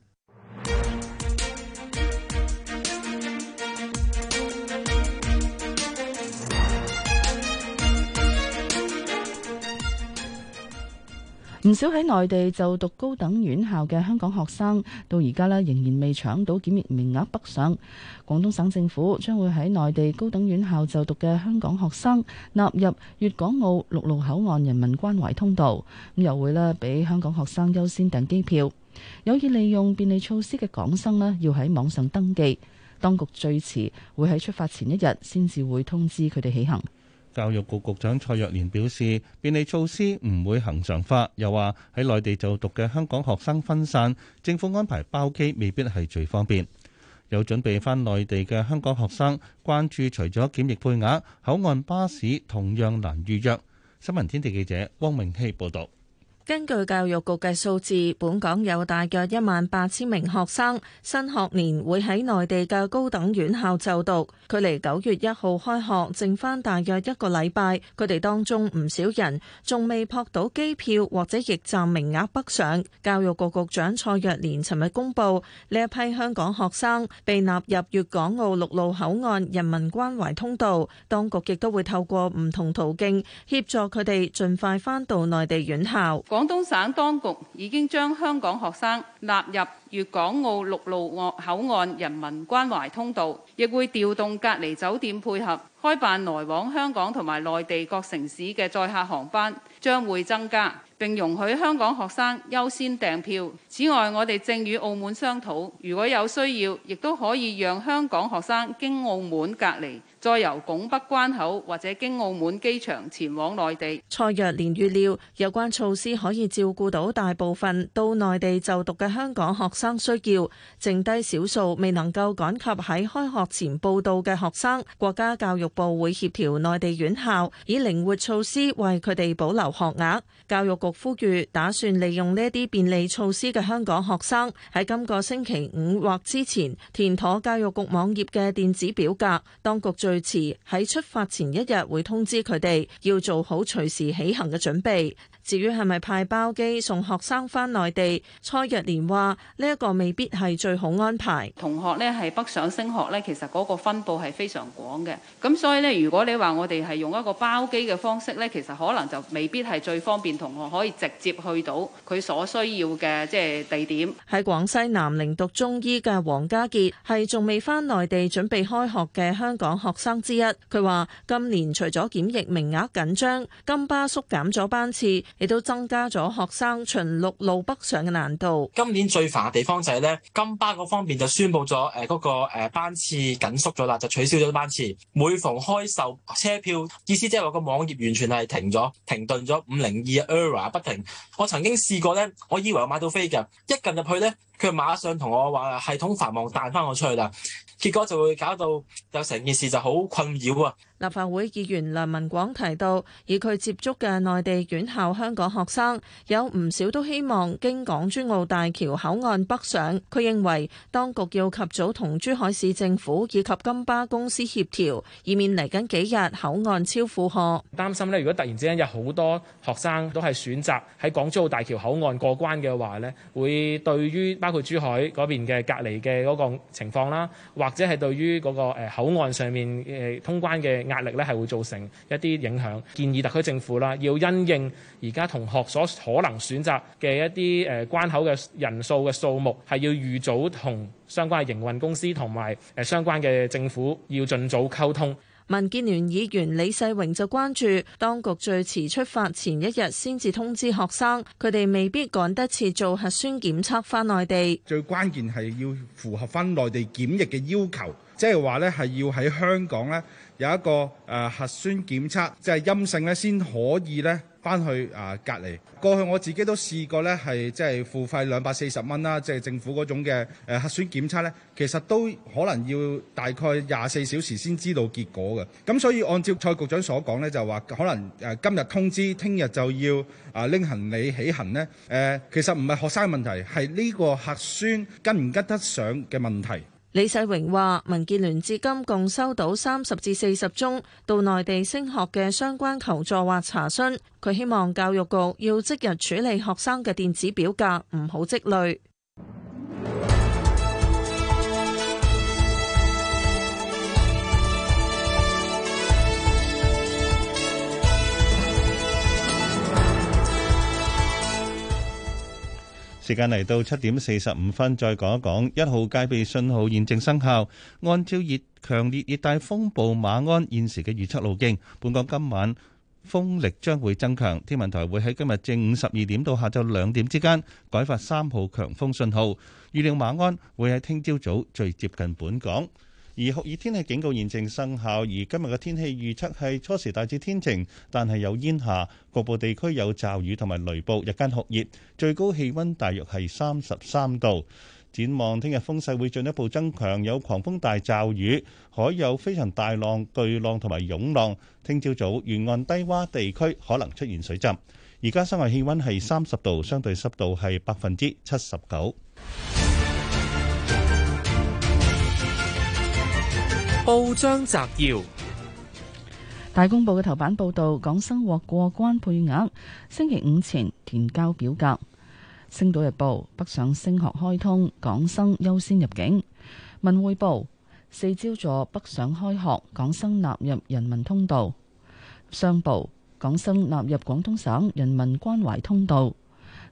唔少喺內地就讀高等院校嘅香港學生，到而家呢仍然未搶到檢疫名額北上。廣東省政府將會喺內地高等院校就讀嘅香港學生納入粵港澳陸路口岸人民關懷通道，咁又會呢俾香港學生優先訂機票。有意利用便利措施嘅港生呢，要喺網上登記，當局最遲會喺出發前一日先至會通知佢哋起行。教育局局長蔡若蓮表示，便利措施唔會恆常化。又話喺內地就讀嘅香港學生分散，政府安排包機未必係最方便。有準備翻內地嘅香港學生關注，除咗檢疫配額，口岸巴士同樣難預約。新聞天地記者汪明希報道。根據教育局嘅數字，本港有大約一萬八千名學生新學年會喺內地嘅高等院校就讀，距離九月一號開學剩翻大約一個禮拜。佢哋當中唔少人仲未撲到機票或者驛站名額北上。教育局局長蔡若蓮尋日公布，呢一批香港學生被納入粵港澳陸路口岸人民關懷通道，當局亦都會透過唔同途徑協助佢哋盡快返到內地院校。廣東省當局已經將香港學生納入粵港澳陸路口岸人民關懷通道，亦會調動隔離酒店配合開辦來往香港同埋內地各城市嘅載客航班，將會增加並容許香港學生優先訂票。此外，我哋正與澳門商討，如果有需要，亦都可以讓香港學生經澳門隔離。再由拱北關口或者經澳門機場前往內地。蔡若蓮預料有關措施可以照顧到大部分到內地就讀嘅香港學生需要，剩低少數未能夠趕及喺開學前報到嘅學生，國家教育部會協調內地院校以靈活措施為佢哋保留學額。教育局呼籲打算利用呢啲便利措施嘅香港學生喺今個星期五或之前填妥教育局網頁嘅電子表格，當局最最遲喺出發前一日會通知佢哋，要做好隨時起行嘅準備。至於係咪派包機送學生返內地？蔡若蓮話：呢一個未必係最好安排。同學呢，係北上升學呢，其實嗰個分布係非常廣嘅。咁所以呢，如果你話我哋係用一個包機嘅方式呢，其實可能就未必係最方便同學可以直接去到佢所需要嘅即係地點。喺廣西南寧讀中醫嘅黃家傑係仲未返內地準備開學嘅香港學生之一。佢話：今年除咗檢疫名額緊張，金巴縮減咗班次。亦都增加咗學生巡陸路北上嘅難度。今年最煩嘅地方就係咧，金巴嗰方面就宣布咗誒嗰個班次緊縮咗啦，就取消咗班次。每逢開售車票，意思即係話個網頁完全係停咗、停頓咗五零二 error 不停。我曾經試過咧，我以為我買到飛嘅，一撳入去咧，佢馬上同我話系統繁忙，彈翻我出去啦。結果就會搞到有成件事就好困擾啊！立法會議員梁文廣提到，以佢接觸嘅內地院校香港學生，有唔少都希望經港珠澳大橋口岸北上。佢認為當局要及早同珠海市政府以及金巴公司協調，以免嚟緊幾日口岸超負荷。擔心咧，如果突然之間有好多學生都係選擇喺港珠澳大橋口岸過關嘅話咧，會對於包括珠海嗰邊嘅隔離嘅嗰個情況啦，或者係對於嗰個誒口岸上面誒通關嘅。壓力咧係會造成一啲影響，建議特區政府啦要因應而家同學所可能選擇嘅一啲誒關口嘅人數嘅數目，係要預早同相關嘅營運公司同埋誒相關嘅政府要盡早溝通。民建聯議員李世榮就關注，當局最遲出發前一日先至通知學生，佢哋未必趕得切做核酸檢測返內地。最關鍵係要符合返內地檢疫嘅要求，即係話咧係要喺香港咧。有一個誒核酸檢測，即係陰性咧，先可以咧翻去啊隔離。過去我自己都試過咧，係即係付費兩百四十蚊啦，即係政府嗰種嘅誒核酸檢測咧，其實都可能要大概廿四小時先知道結果嘅。咁所以按照蔡局長所講咧，就話可能誒今日通知，聽日就要啊拎行李起行咧。誒其實唔係學生嘅問題，係呢個核酸跟唔跟得上嘅問題。李世榮話，民建聯至今共收到三十至四十宗到內地升學嘅相關求助或查詢，佢希望教育局要即日處理學生嘅電子表格，唔好積累。時間嚟到七點四十五分，再講一講。一號戒備信號現正生效。按照熱，強烈熱帶風暴馬鞍現時嘅預測路徑，本港今晚風力將會增強。天文台會喺今日正午十二點到下晝兩點之間改發三號強風信號。預料馬鞍會喺聽朝早最接近本港。而酷熱天氣警告現正生效，而今日嘅天氣預測係初時大致天晴，但係有煙霞，局部地區有驟雨同埋雷暴。日間酷熱，最高氣温大約係三十三度。展望聽日風勢會進一步增強，有狂風大驟雨，海有非常大浪、巨浪同埋湧浪。聽朝早沿岸低窪地區可能出現水浸。而家室外氣温係三十度，相對濕度係百分之七十九。報章摘要：大公報嘅頭版報道，港生獲過關配額，星期五前填交表格。星島日報北上升學開通，港生優先入境。文匯報四朝助北上開學，港生納入人民通道。商報港生納入廣東省人民關懷通道。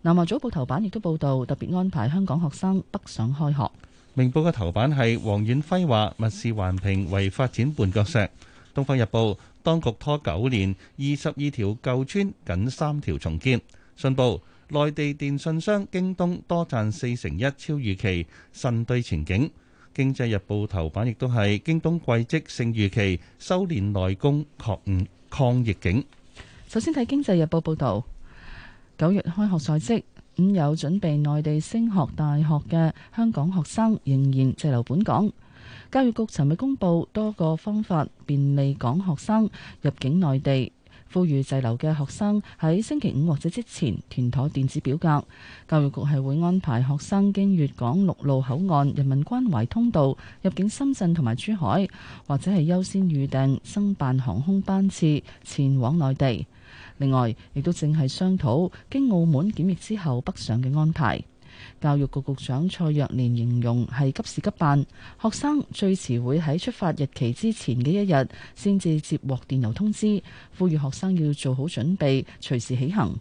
南華早報頭版亦都報道，特別安排香港學生北上開學。明報嘅頭版係黃遠輝話：物事環評，為發展絆腳石。《東方日報》當局拖九年，二十二條舊村僅三條重建。信報內地電信商京東多賺四成一，超預期，慎對前景。經濟日報頭版亦都係京東季績勝預期，修煉內功確五抗逆境。首先睇經濟日報報導，九月開學在即。五有準備內地升學大學嘅香港學生仍然滯留本港。教育局尋日公布多個方法便利港學生入境內地，呼籲滯留嘅學生喺星期五或者之前填妥電子表格。教育局係會安排學生經粵港陸路口岸、人民關懷通道入境深圳同埋珠海，或者係優先預訂申辦航空班次前往內地。另外，亦都正係商討經澳門檢疫之後北上嘅安排。教育局局長蔡若蓮形容係急事急辦，學生最遲會喺出發日期之前嘅一日先至接獲電郵通知，呼籲學生要做好準備，隨時起行。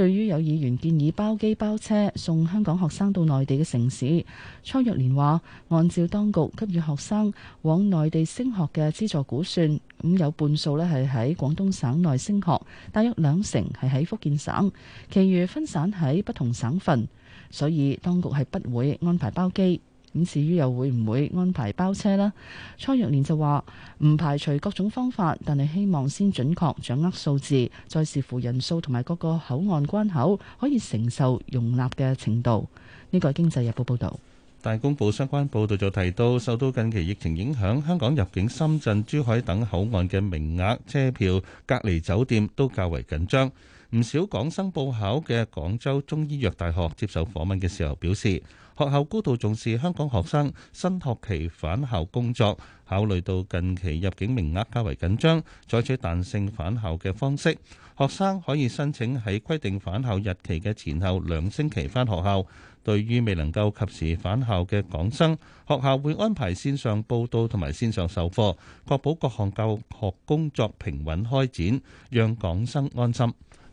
對於有議員建議包機包車送香港學生到內地嘅城市，蔡若蓮話：按照當局給予學生往內地升學嘅資助估算，咁有半數咧係喺廣東省內升學，大約兩成係喺福建省，其餘分散喺不同省份，所以當局係不會安排包機。咁至於又會唔會安排包車呢？蔡若蓮就話：唔排除各種方法，但係希望先準確掌握數字，再視乎人數同埋各個口岸關口可以承受容納嘅程度。呢個係經濟日報報導。大公報相關報導就提到，受到近期疫情影響，香港入境深圳、珠海等口岸嘅名額、車票、隔離酒店都較為緊張。唔少港生報考嘅廣州中醫藥大學接受訪問嘅時候表示。學校高度重視香港學生新學期返校工作，考慮到近期入境名額較為緊張，採取彈性返校嘅方式。學生可以申請喺規定返校日期嘅前後兩星期返學校。對於未能夠及時返校嘅港生，學校會安排線上報到同埋線上授課，確保各項教學工作平穩開展，讓港生安心。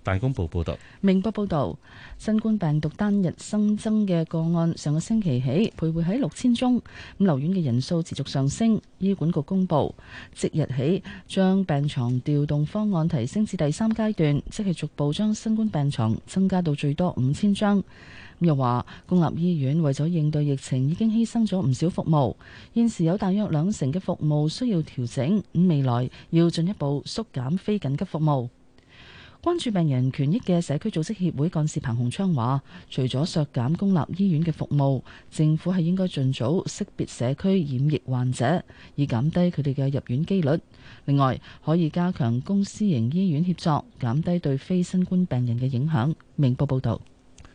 大公報報道，明報報道，新冠病毒單日新增嘅個案，上個星期起徘徊喺六千宗，咁留院嘅人數持續上升。醫管局公佈，即日起將病床調動方案提升至第三階段，即係逐步將新冠病床增加到最多五千張。又話公立醫院為咗應對疫情，已經犧牲咗唔少服務，現時有大約兩成嘅服務需要調整，咁未來要進一步縮減非緊急服務。關注病人權益嘅社區組織協會幹事彭洪昌話，除咗削減公立醫院嘅服務，政府係應該盡早識別社區染疫患者，以減低佢哋嘅入院機率。另外，可以加強公私營醫院協作，減低對非新冠病人嘅影響。明報報道。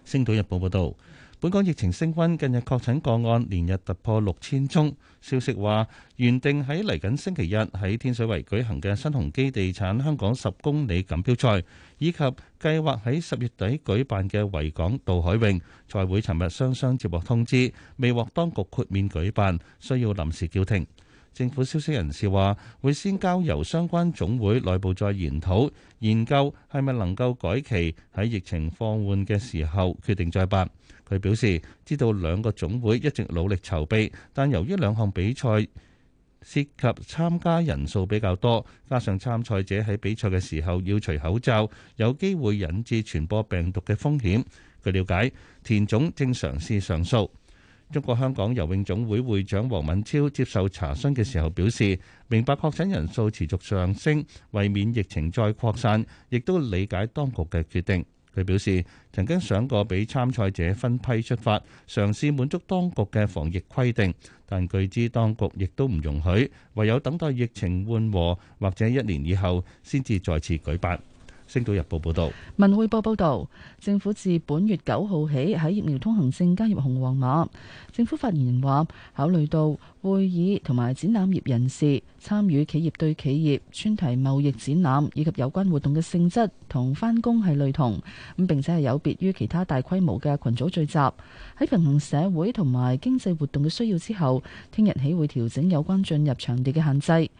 星島日報報道。本港疫情升溫，近日確診個案連日突破六千宗。消息話，原定喺嚟緊星期日喺天水圍舉行嘅新鴻基地產香港十公里錦標賽，以及計劃喺十月底舉辦嘅維港渡海泳賽會，尋日雙雙接獲通知，未獲當局豁免舉辦，需要臨時叫停。政府消息人士話，會先交由相關總會內部再研討，研究係咪能夠改期喺疫情放緩嘅時候決定再辦。佢表示，知道兩個總會一直努力籌備，但由於兩項比賽涉及參加人數比較多，加上參賽者喺比賽嘅時候要除口罩，有機會引致傳播病毒嘅風險。據了解，田總正嘗試上訴。中國香港游泳總會會長黃敏超接受查詢嘅時候表示，明白確診人數持續上升，為免疫情再擴散，亦都理解當局嘅決定。佢表示，曾經想過俾參賽者分批出發，嘗試滿足當局嘅防疫規定，但據知當局亦都唔容許，唯有等待疫情緩和，或者一年以後先至再次舉辦。《星島日報》報導，《文匯報》報導，政府自本月九號起喺疫苗通行證加入紅黃碼。政府發言人話：考慮到會議同埋展覽業人士參與企業對企業、專題貿易展覽以及有關活動嘅性質同返工係類同，咁並且係有別於其他大規模嘅群組聚集，喺平衡社會同埋經濟活動嘅需要之後，聽日起會調整有關進入場地嘅限制。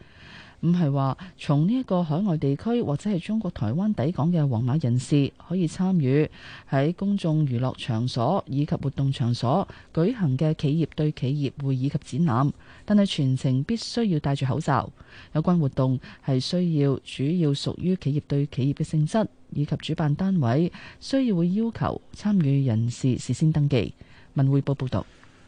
唔，係話從呢一個海外地區，或者係中國台灣抵港嘅黃碼人士，可以參與喺公眾娛樂場所以及活動場所舉行嘅企業對企業會議及展覽，但係全程必須要戴住口罩。有關活動係需要主要屬於企業對企業嘅性質，以及主辦單位需要會要求參與人士事先登記。《文匯報》報道。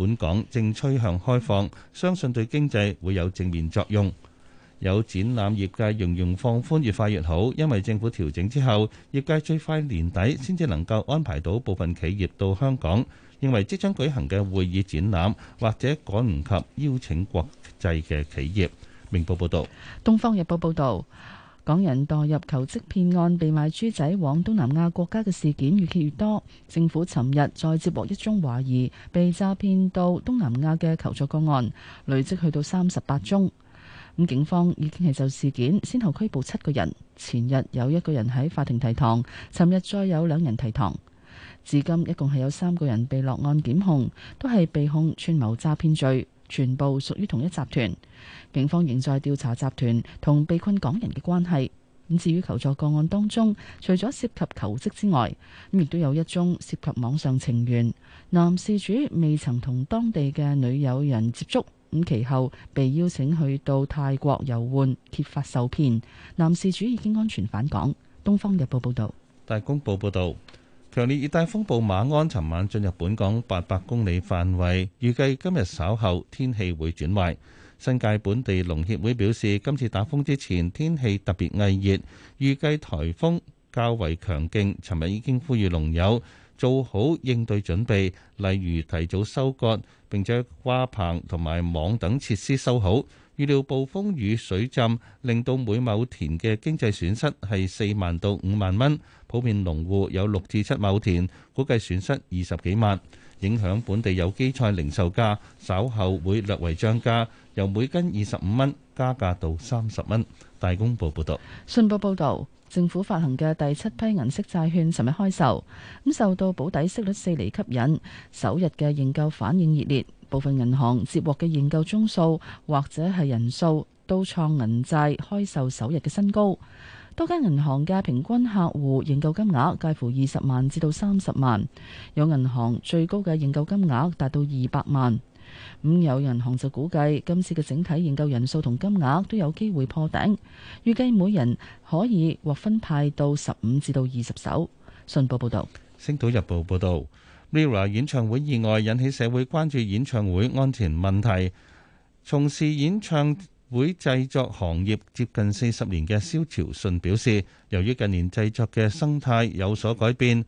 本港正趨向開放，相信對經濟會有正面作用。有展覽業界形容放寬越快越好，因為政府調整之後，業界最快年底先至能夠安排到部分企業到香港。認為即將舉行嘅會議展覽，或者趕唔及邀請國際嘅企業。明報報道。東方日報報導。港人代入求職騙案被賣豬仔往東南亞國家嘅事件越揭越多，政府尋日再接獲一宗懷疑被詐騙到東南亞嘅求助個案，累積去到三十八宗。咁警方已經係就事件，先後拘捕七個人。前日有一個人喺法庭提堂，尋日再有兩人提堂，至今一共係有三個人被落案檢控，都係被控串謀詐騙罪，全部屬於同一集團。警方仍在調查集團同被困港人嘅關係。咁至於求助個案當中，除咗涉及求職之外，亦都有一宗涉及網上情緣。男事主未曾同當地嘅女友人接觸，咁其後被邀請去到泰國遊玩，揭發受騙。男事主已經安全返港。《東方日報》報道。大公報報道，強烈熱帶風暴馬鞍尋晚進入本港八百公里範圍，預計今日稍後天氣會轉壞。新界本地農協會表示，今次打風之前天氣特別翳熱，預計颱風較為強勁。尋日已經呼籲農友做好應對準備，例如提早收割，並且瓜棚同埋網等設施修好。預料暴風雨水浸，令到每畝田嘅經濟損失係四萬到五萬蚊。普遍農戶有六至七畝田，估計損失二十幾萬。影響本地有機菜零售價，稍後會略為漲價，由每斤二十五蚊加價到三十蚊。大公報報道，信報報道，政府發行嘅第七批銀色債券，尋日開售咁，受到保底息率四厘吸引，首日嘅認購反應熱烈，部分銀行接獲嘅認購宗數或者係人數都創銀債開售首日嘅新高。多間銀行嘅平均客戶認購金額介乎二十萬至到三十萬，有銀行最高嘅認購金額達到二百萬。咁有銀行就估計今次嘅整體認購人數同金額都有機會破頂，預計每人可以獲分派到十五至到二十手。《信報》報導。《星島日報》報道，MIRROR 演唱會意外引起社會關注演唱會安全問題，從事演唱。會製作行業接近四十年嘅蕭朝順表示，由於近年製作嘅生態有所改變，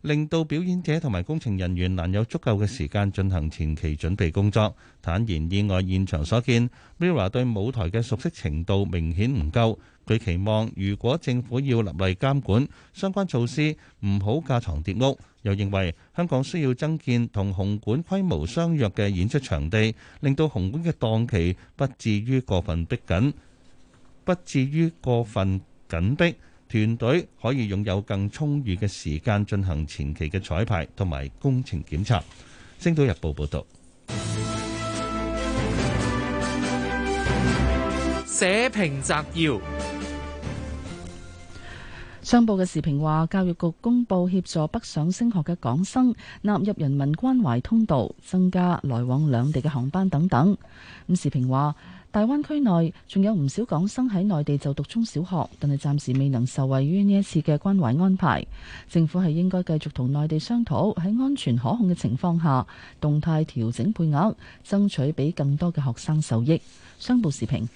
令到表演者同埋工程人員難有足夠嘅時間進行前期準備工作。坦言意外現場所見，MIRROR 對舞台嘅熟悉程度明顯唔夠。佢期望如果政府要立例監管，相關措施，唔好架床疊屋。又認為香港需要增建同紅館規模相若嘅演出場地，令到紅館嘅檔期不至於過分迫緊，不至於過分緊迫，團隊可以擁有更充裕嘅時間進行前期嘅彩排同埋工程檢查。星島日報報導。社評摘要。商報嘅時評話，教育局公布協助北上升學嘅港生納入人民關懷通道，增加來往兩地嘅航班等等。咁時評話，大灣區內仲有唔少港生喺內地就讀中小學，但係暫時未能受惠於呢一次嘅關懷安排。政府係應該繼續同內地商討，喺安全可控嘅情況下，動態調整配額，爭取俾更多嘅學生受益。商報時評。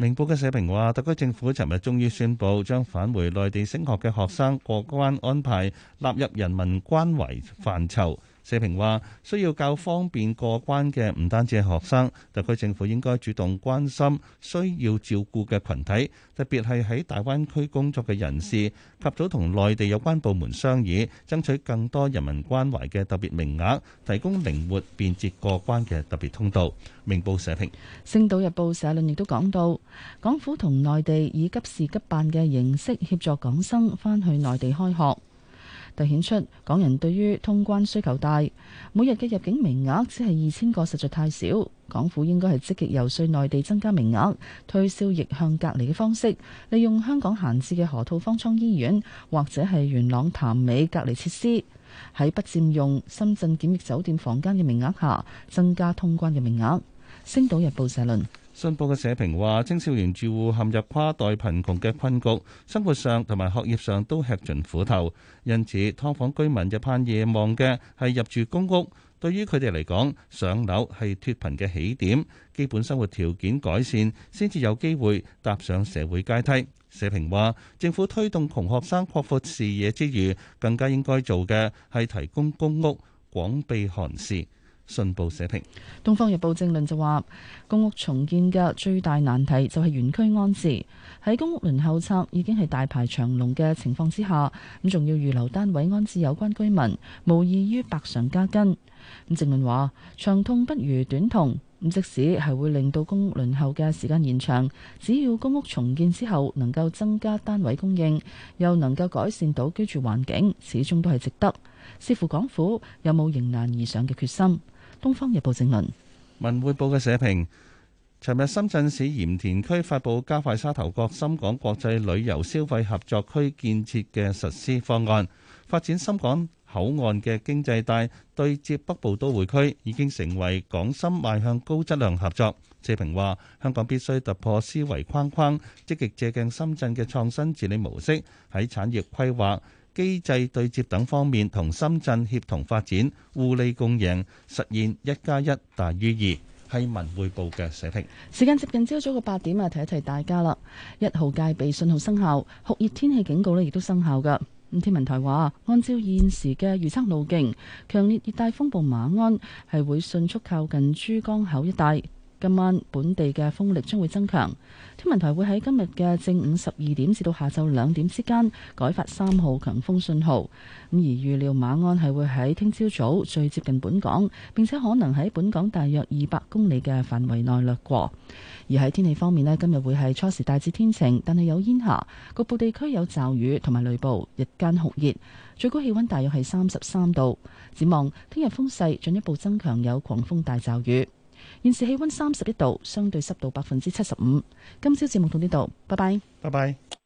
明報嘅社評話，特區政府尋日終於宣布，將返回內地升學嘅學生過關安排納入人民關懷範疇。社評話，需要較方便過關嘅唔單止係學生，特區政府應該主動關心需要照顧嘅群體，特別係喺大灣區工作嘅人士，及早同內地有關部門商議，爭取更多人民關懷嘅特別名額，提供靈活便捷過關嘅特別通道。明報社評，《星島日報》社論亦都講到，港府同內地以急事急辦嘅形式協助港生返去內地開學。突顯出港人對於通關需求大，每日嘅入境名額只係二千個實在太少，港府應該係積極遊說內地增加名額，推銷逆向隔離嘅方式，利用香港閒置嘅河套方艙醫院或者係元朗潭尾隔離設施，喺不佔用深圳檢疫酒店房間嘅名額下，增加通關嘅名額。星島日報社論。信報嘅社評話：青少年住戶陷入跨代貧窮嘅困局，生活上同埋學業上都吃盡苦頭。因此，劏房居民日盼夜望嘅係入住公屋。對於佢哋嚟講，上樓係脫貧嘅起點，基本生活條件改善先至有機會搭上社會階梯。社評話：政府推動窮學生擴闊視野之餘，更加應該做嘅係提供公屋，廣庇寒士。信報社評。《東方日報》正論就話，公屋重建嘅最大難題就係原區安置，喺公屋輪候冊已經係大排長龍嘅情況之下，咁仲要預留單位安置有關居民，無異於百上加斤。咁正論話，長痛不如短痛。咁即使係會令到公屋輪候嘅時間延長，只要公屋重建之後能夠增加單位供應，又能夠改善到居住環境，始終都係值得，視乎港府有冇迎難而上嘅決心。《東方日報》正文，文匯報嘅社評，尋日深圳市鹽田區發布加快沙頭角深港國際旅遊消費合作區建設嘅實施方案，發展深港口岸嘅經濟帶，對接北部都會區，已經成為港深邁向高質量合作。社評話，香港必須突破思維框框，積極借鑒深圳嘅創新治理模式，喺產業規劃。機制對接等方面同深圳協同發展，互利共贏，實現一加一大於二，係文匯報嘅社評。時間接近朝早嘅八點啊，提一提大家啦。一號戒備信號生效，酷熱天氣警告咧亦都生效噶。咁天文台話，按照現時嘅預測路徑，強烈熱帶風暴馬鞍係會迅速靠近珠江口一帶。今晚本地嘅風力將會增強。天文台會喺今日嘅正午十二點至到下晝兩點之間改發三號強風信號，咁而預料馬鞍係會喺聽朝早最接近本港，並且可能喺本港大約二百公里嘅範圍內掠過。而喺天氣方面咧，今日會係初時大致天晴，但係有煙霞，局部地區有驟雨同埋雷暴，日間酷熱，最高氣溫大約係三十三度。展望聽日風勢進一步增強，有狂風大驟雨。現時氣温三十一度，相對濕度百分之七十五。今朝節目到呢度，拜拜。拜拜。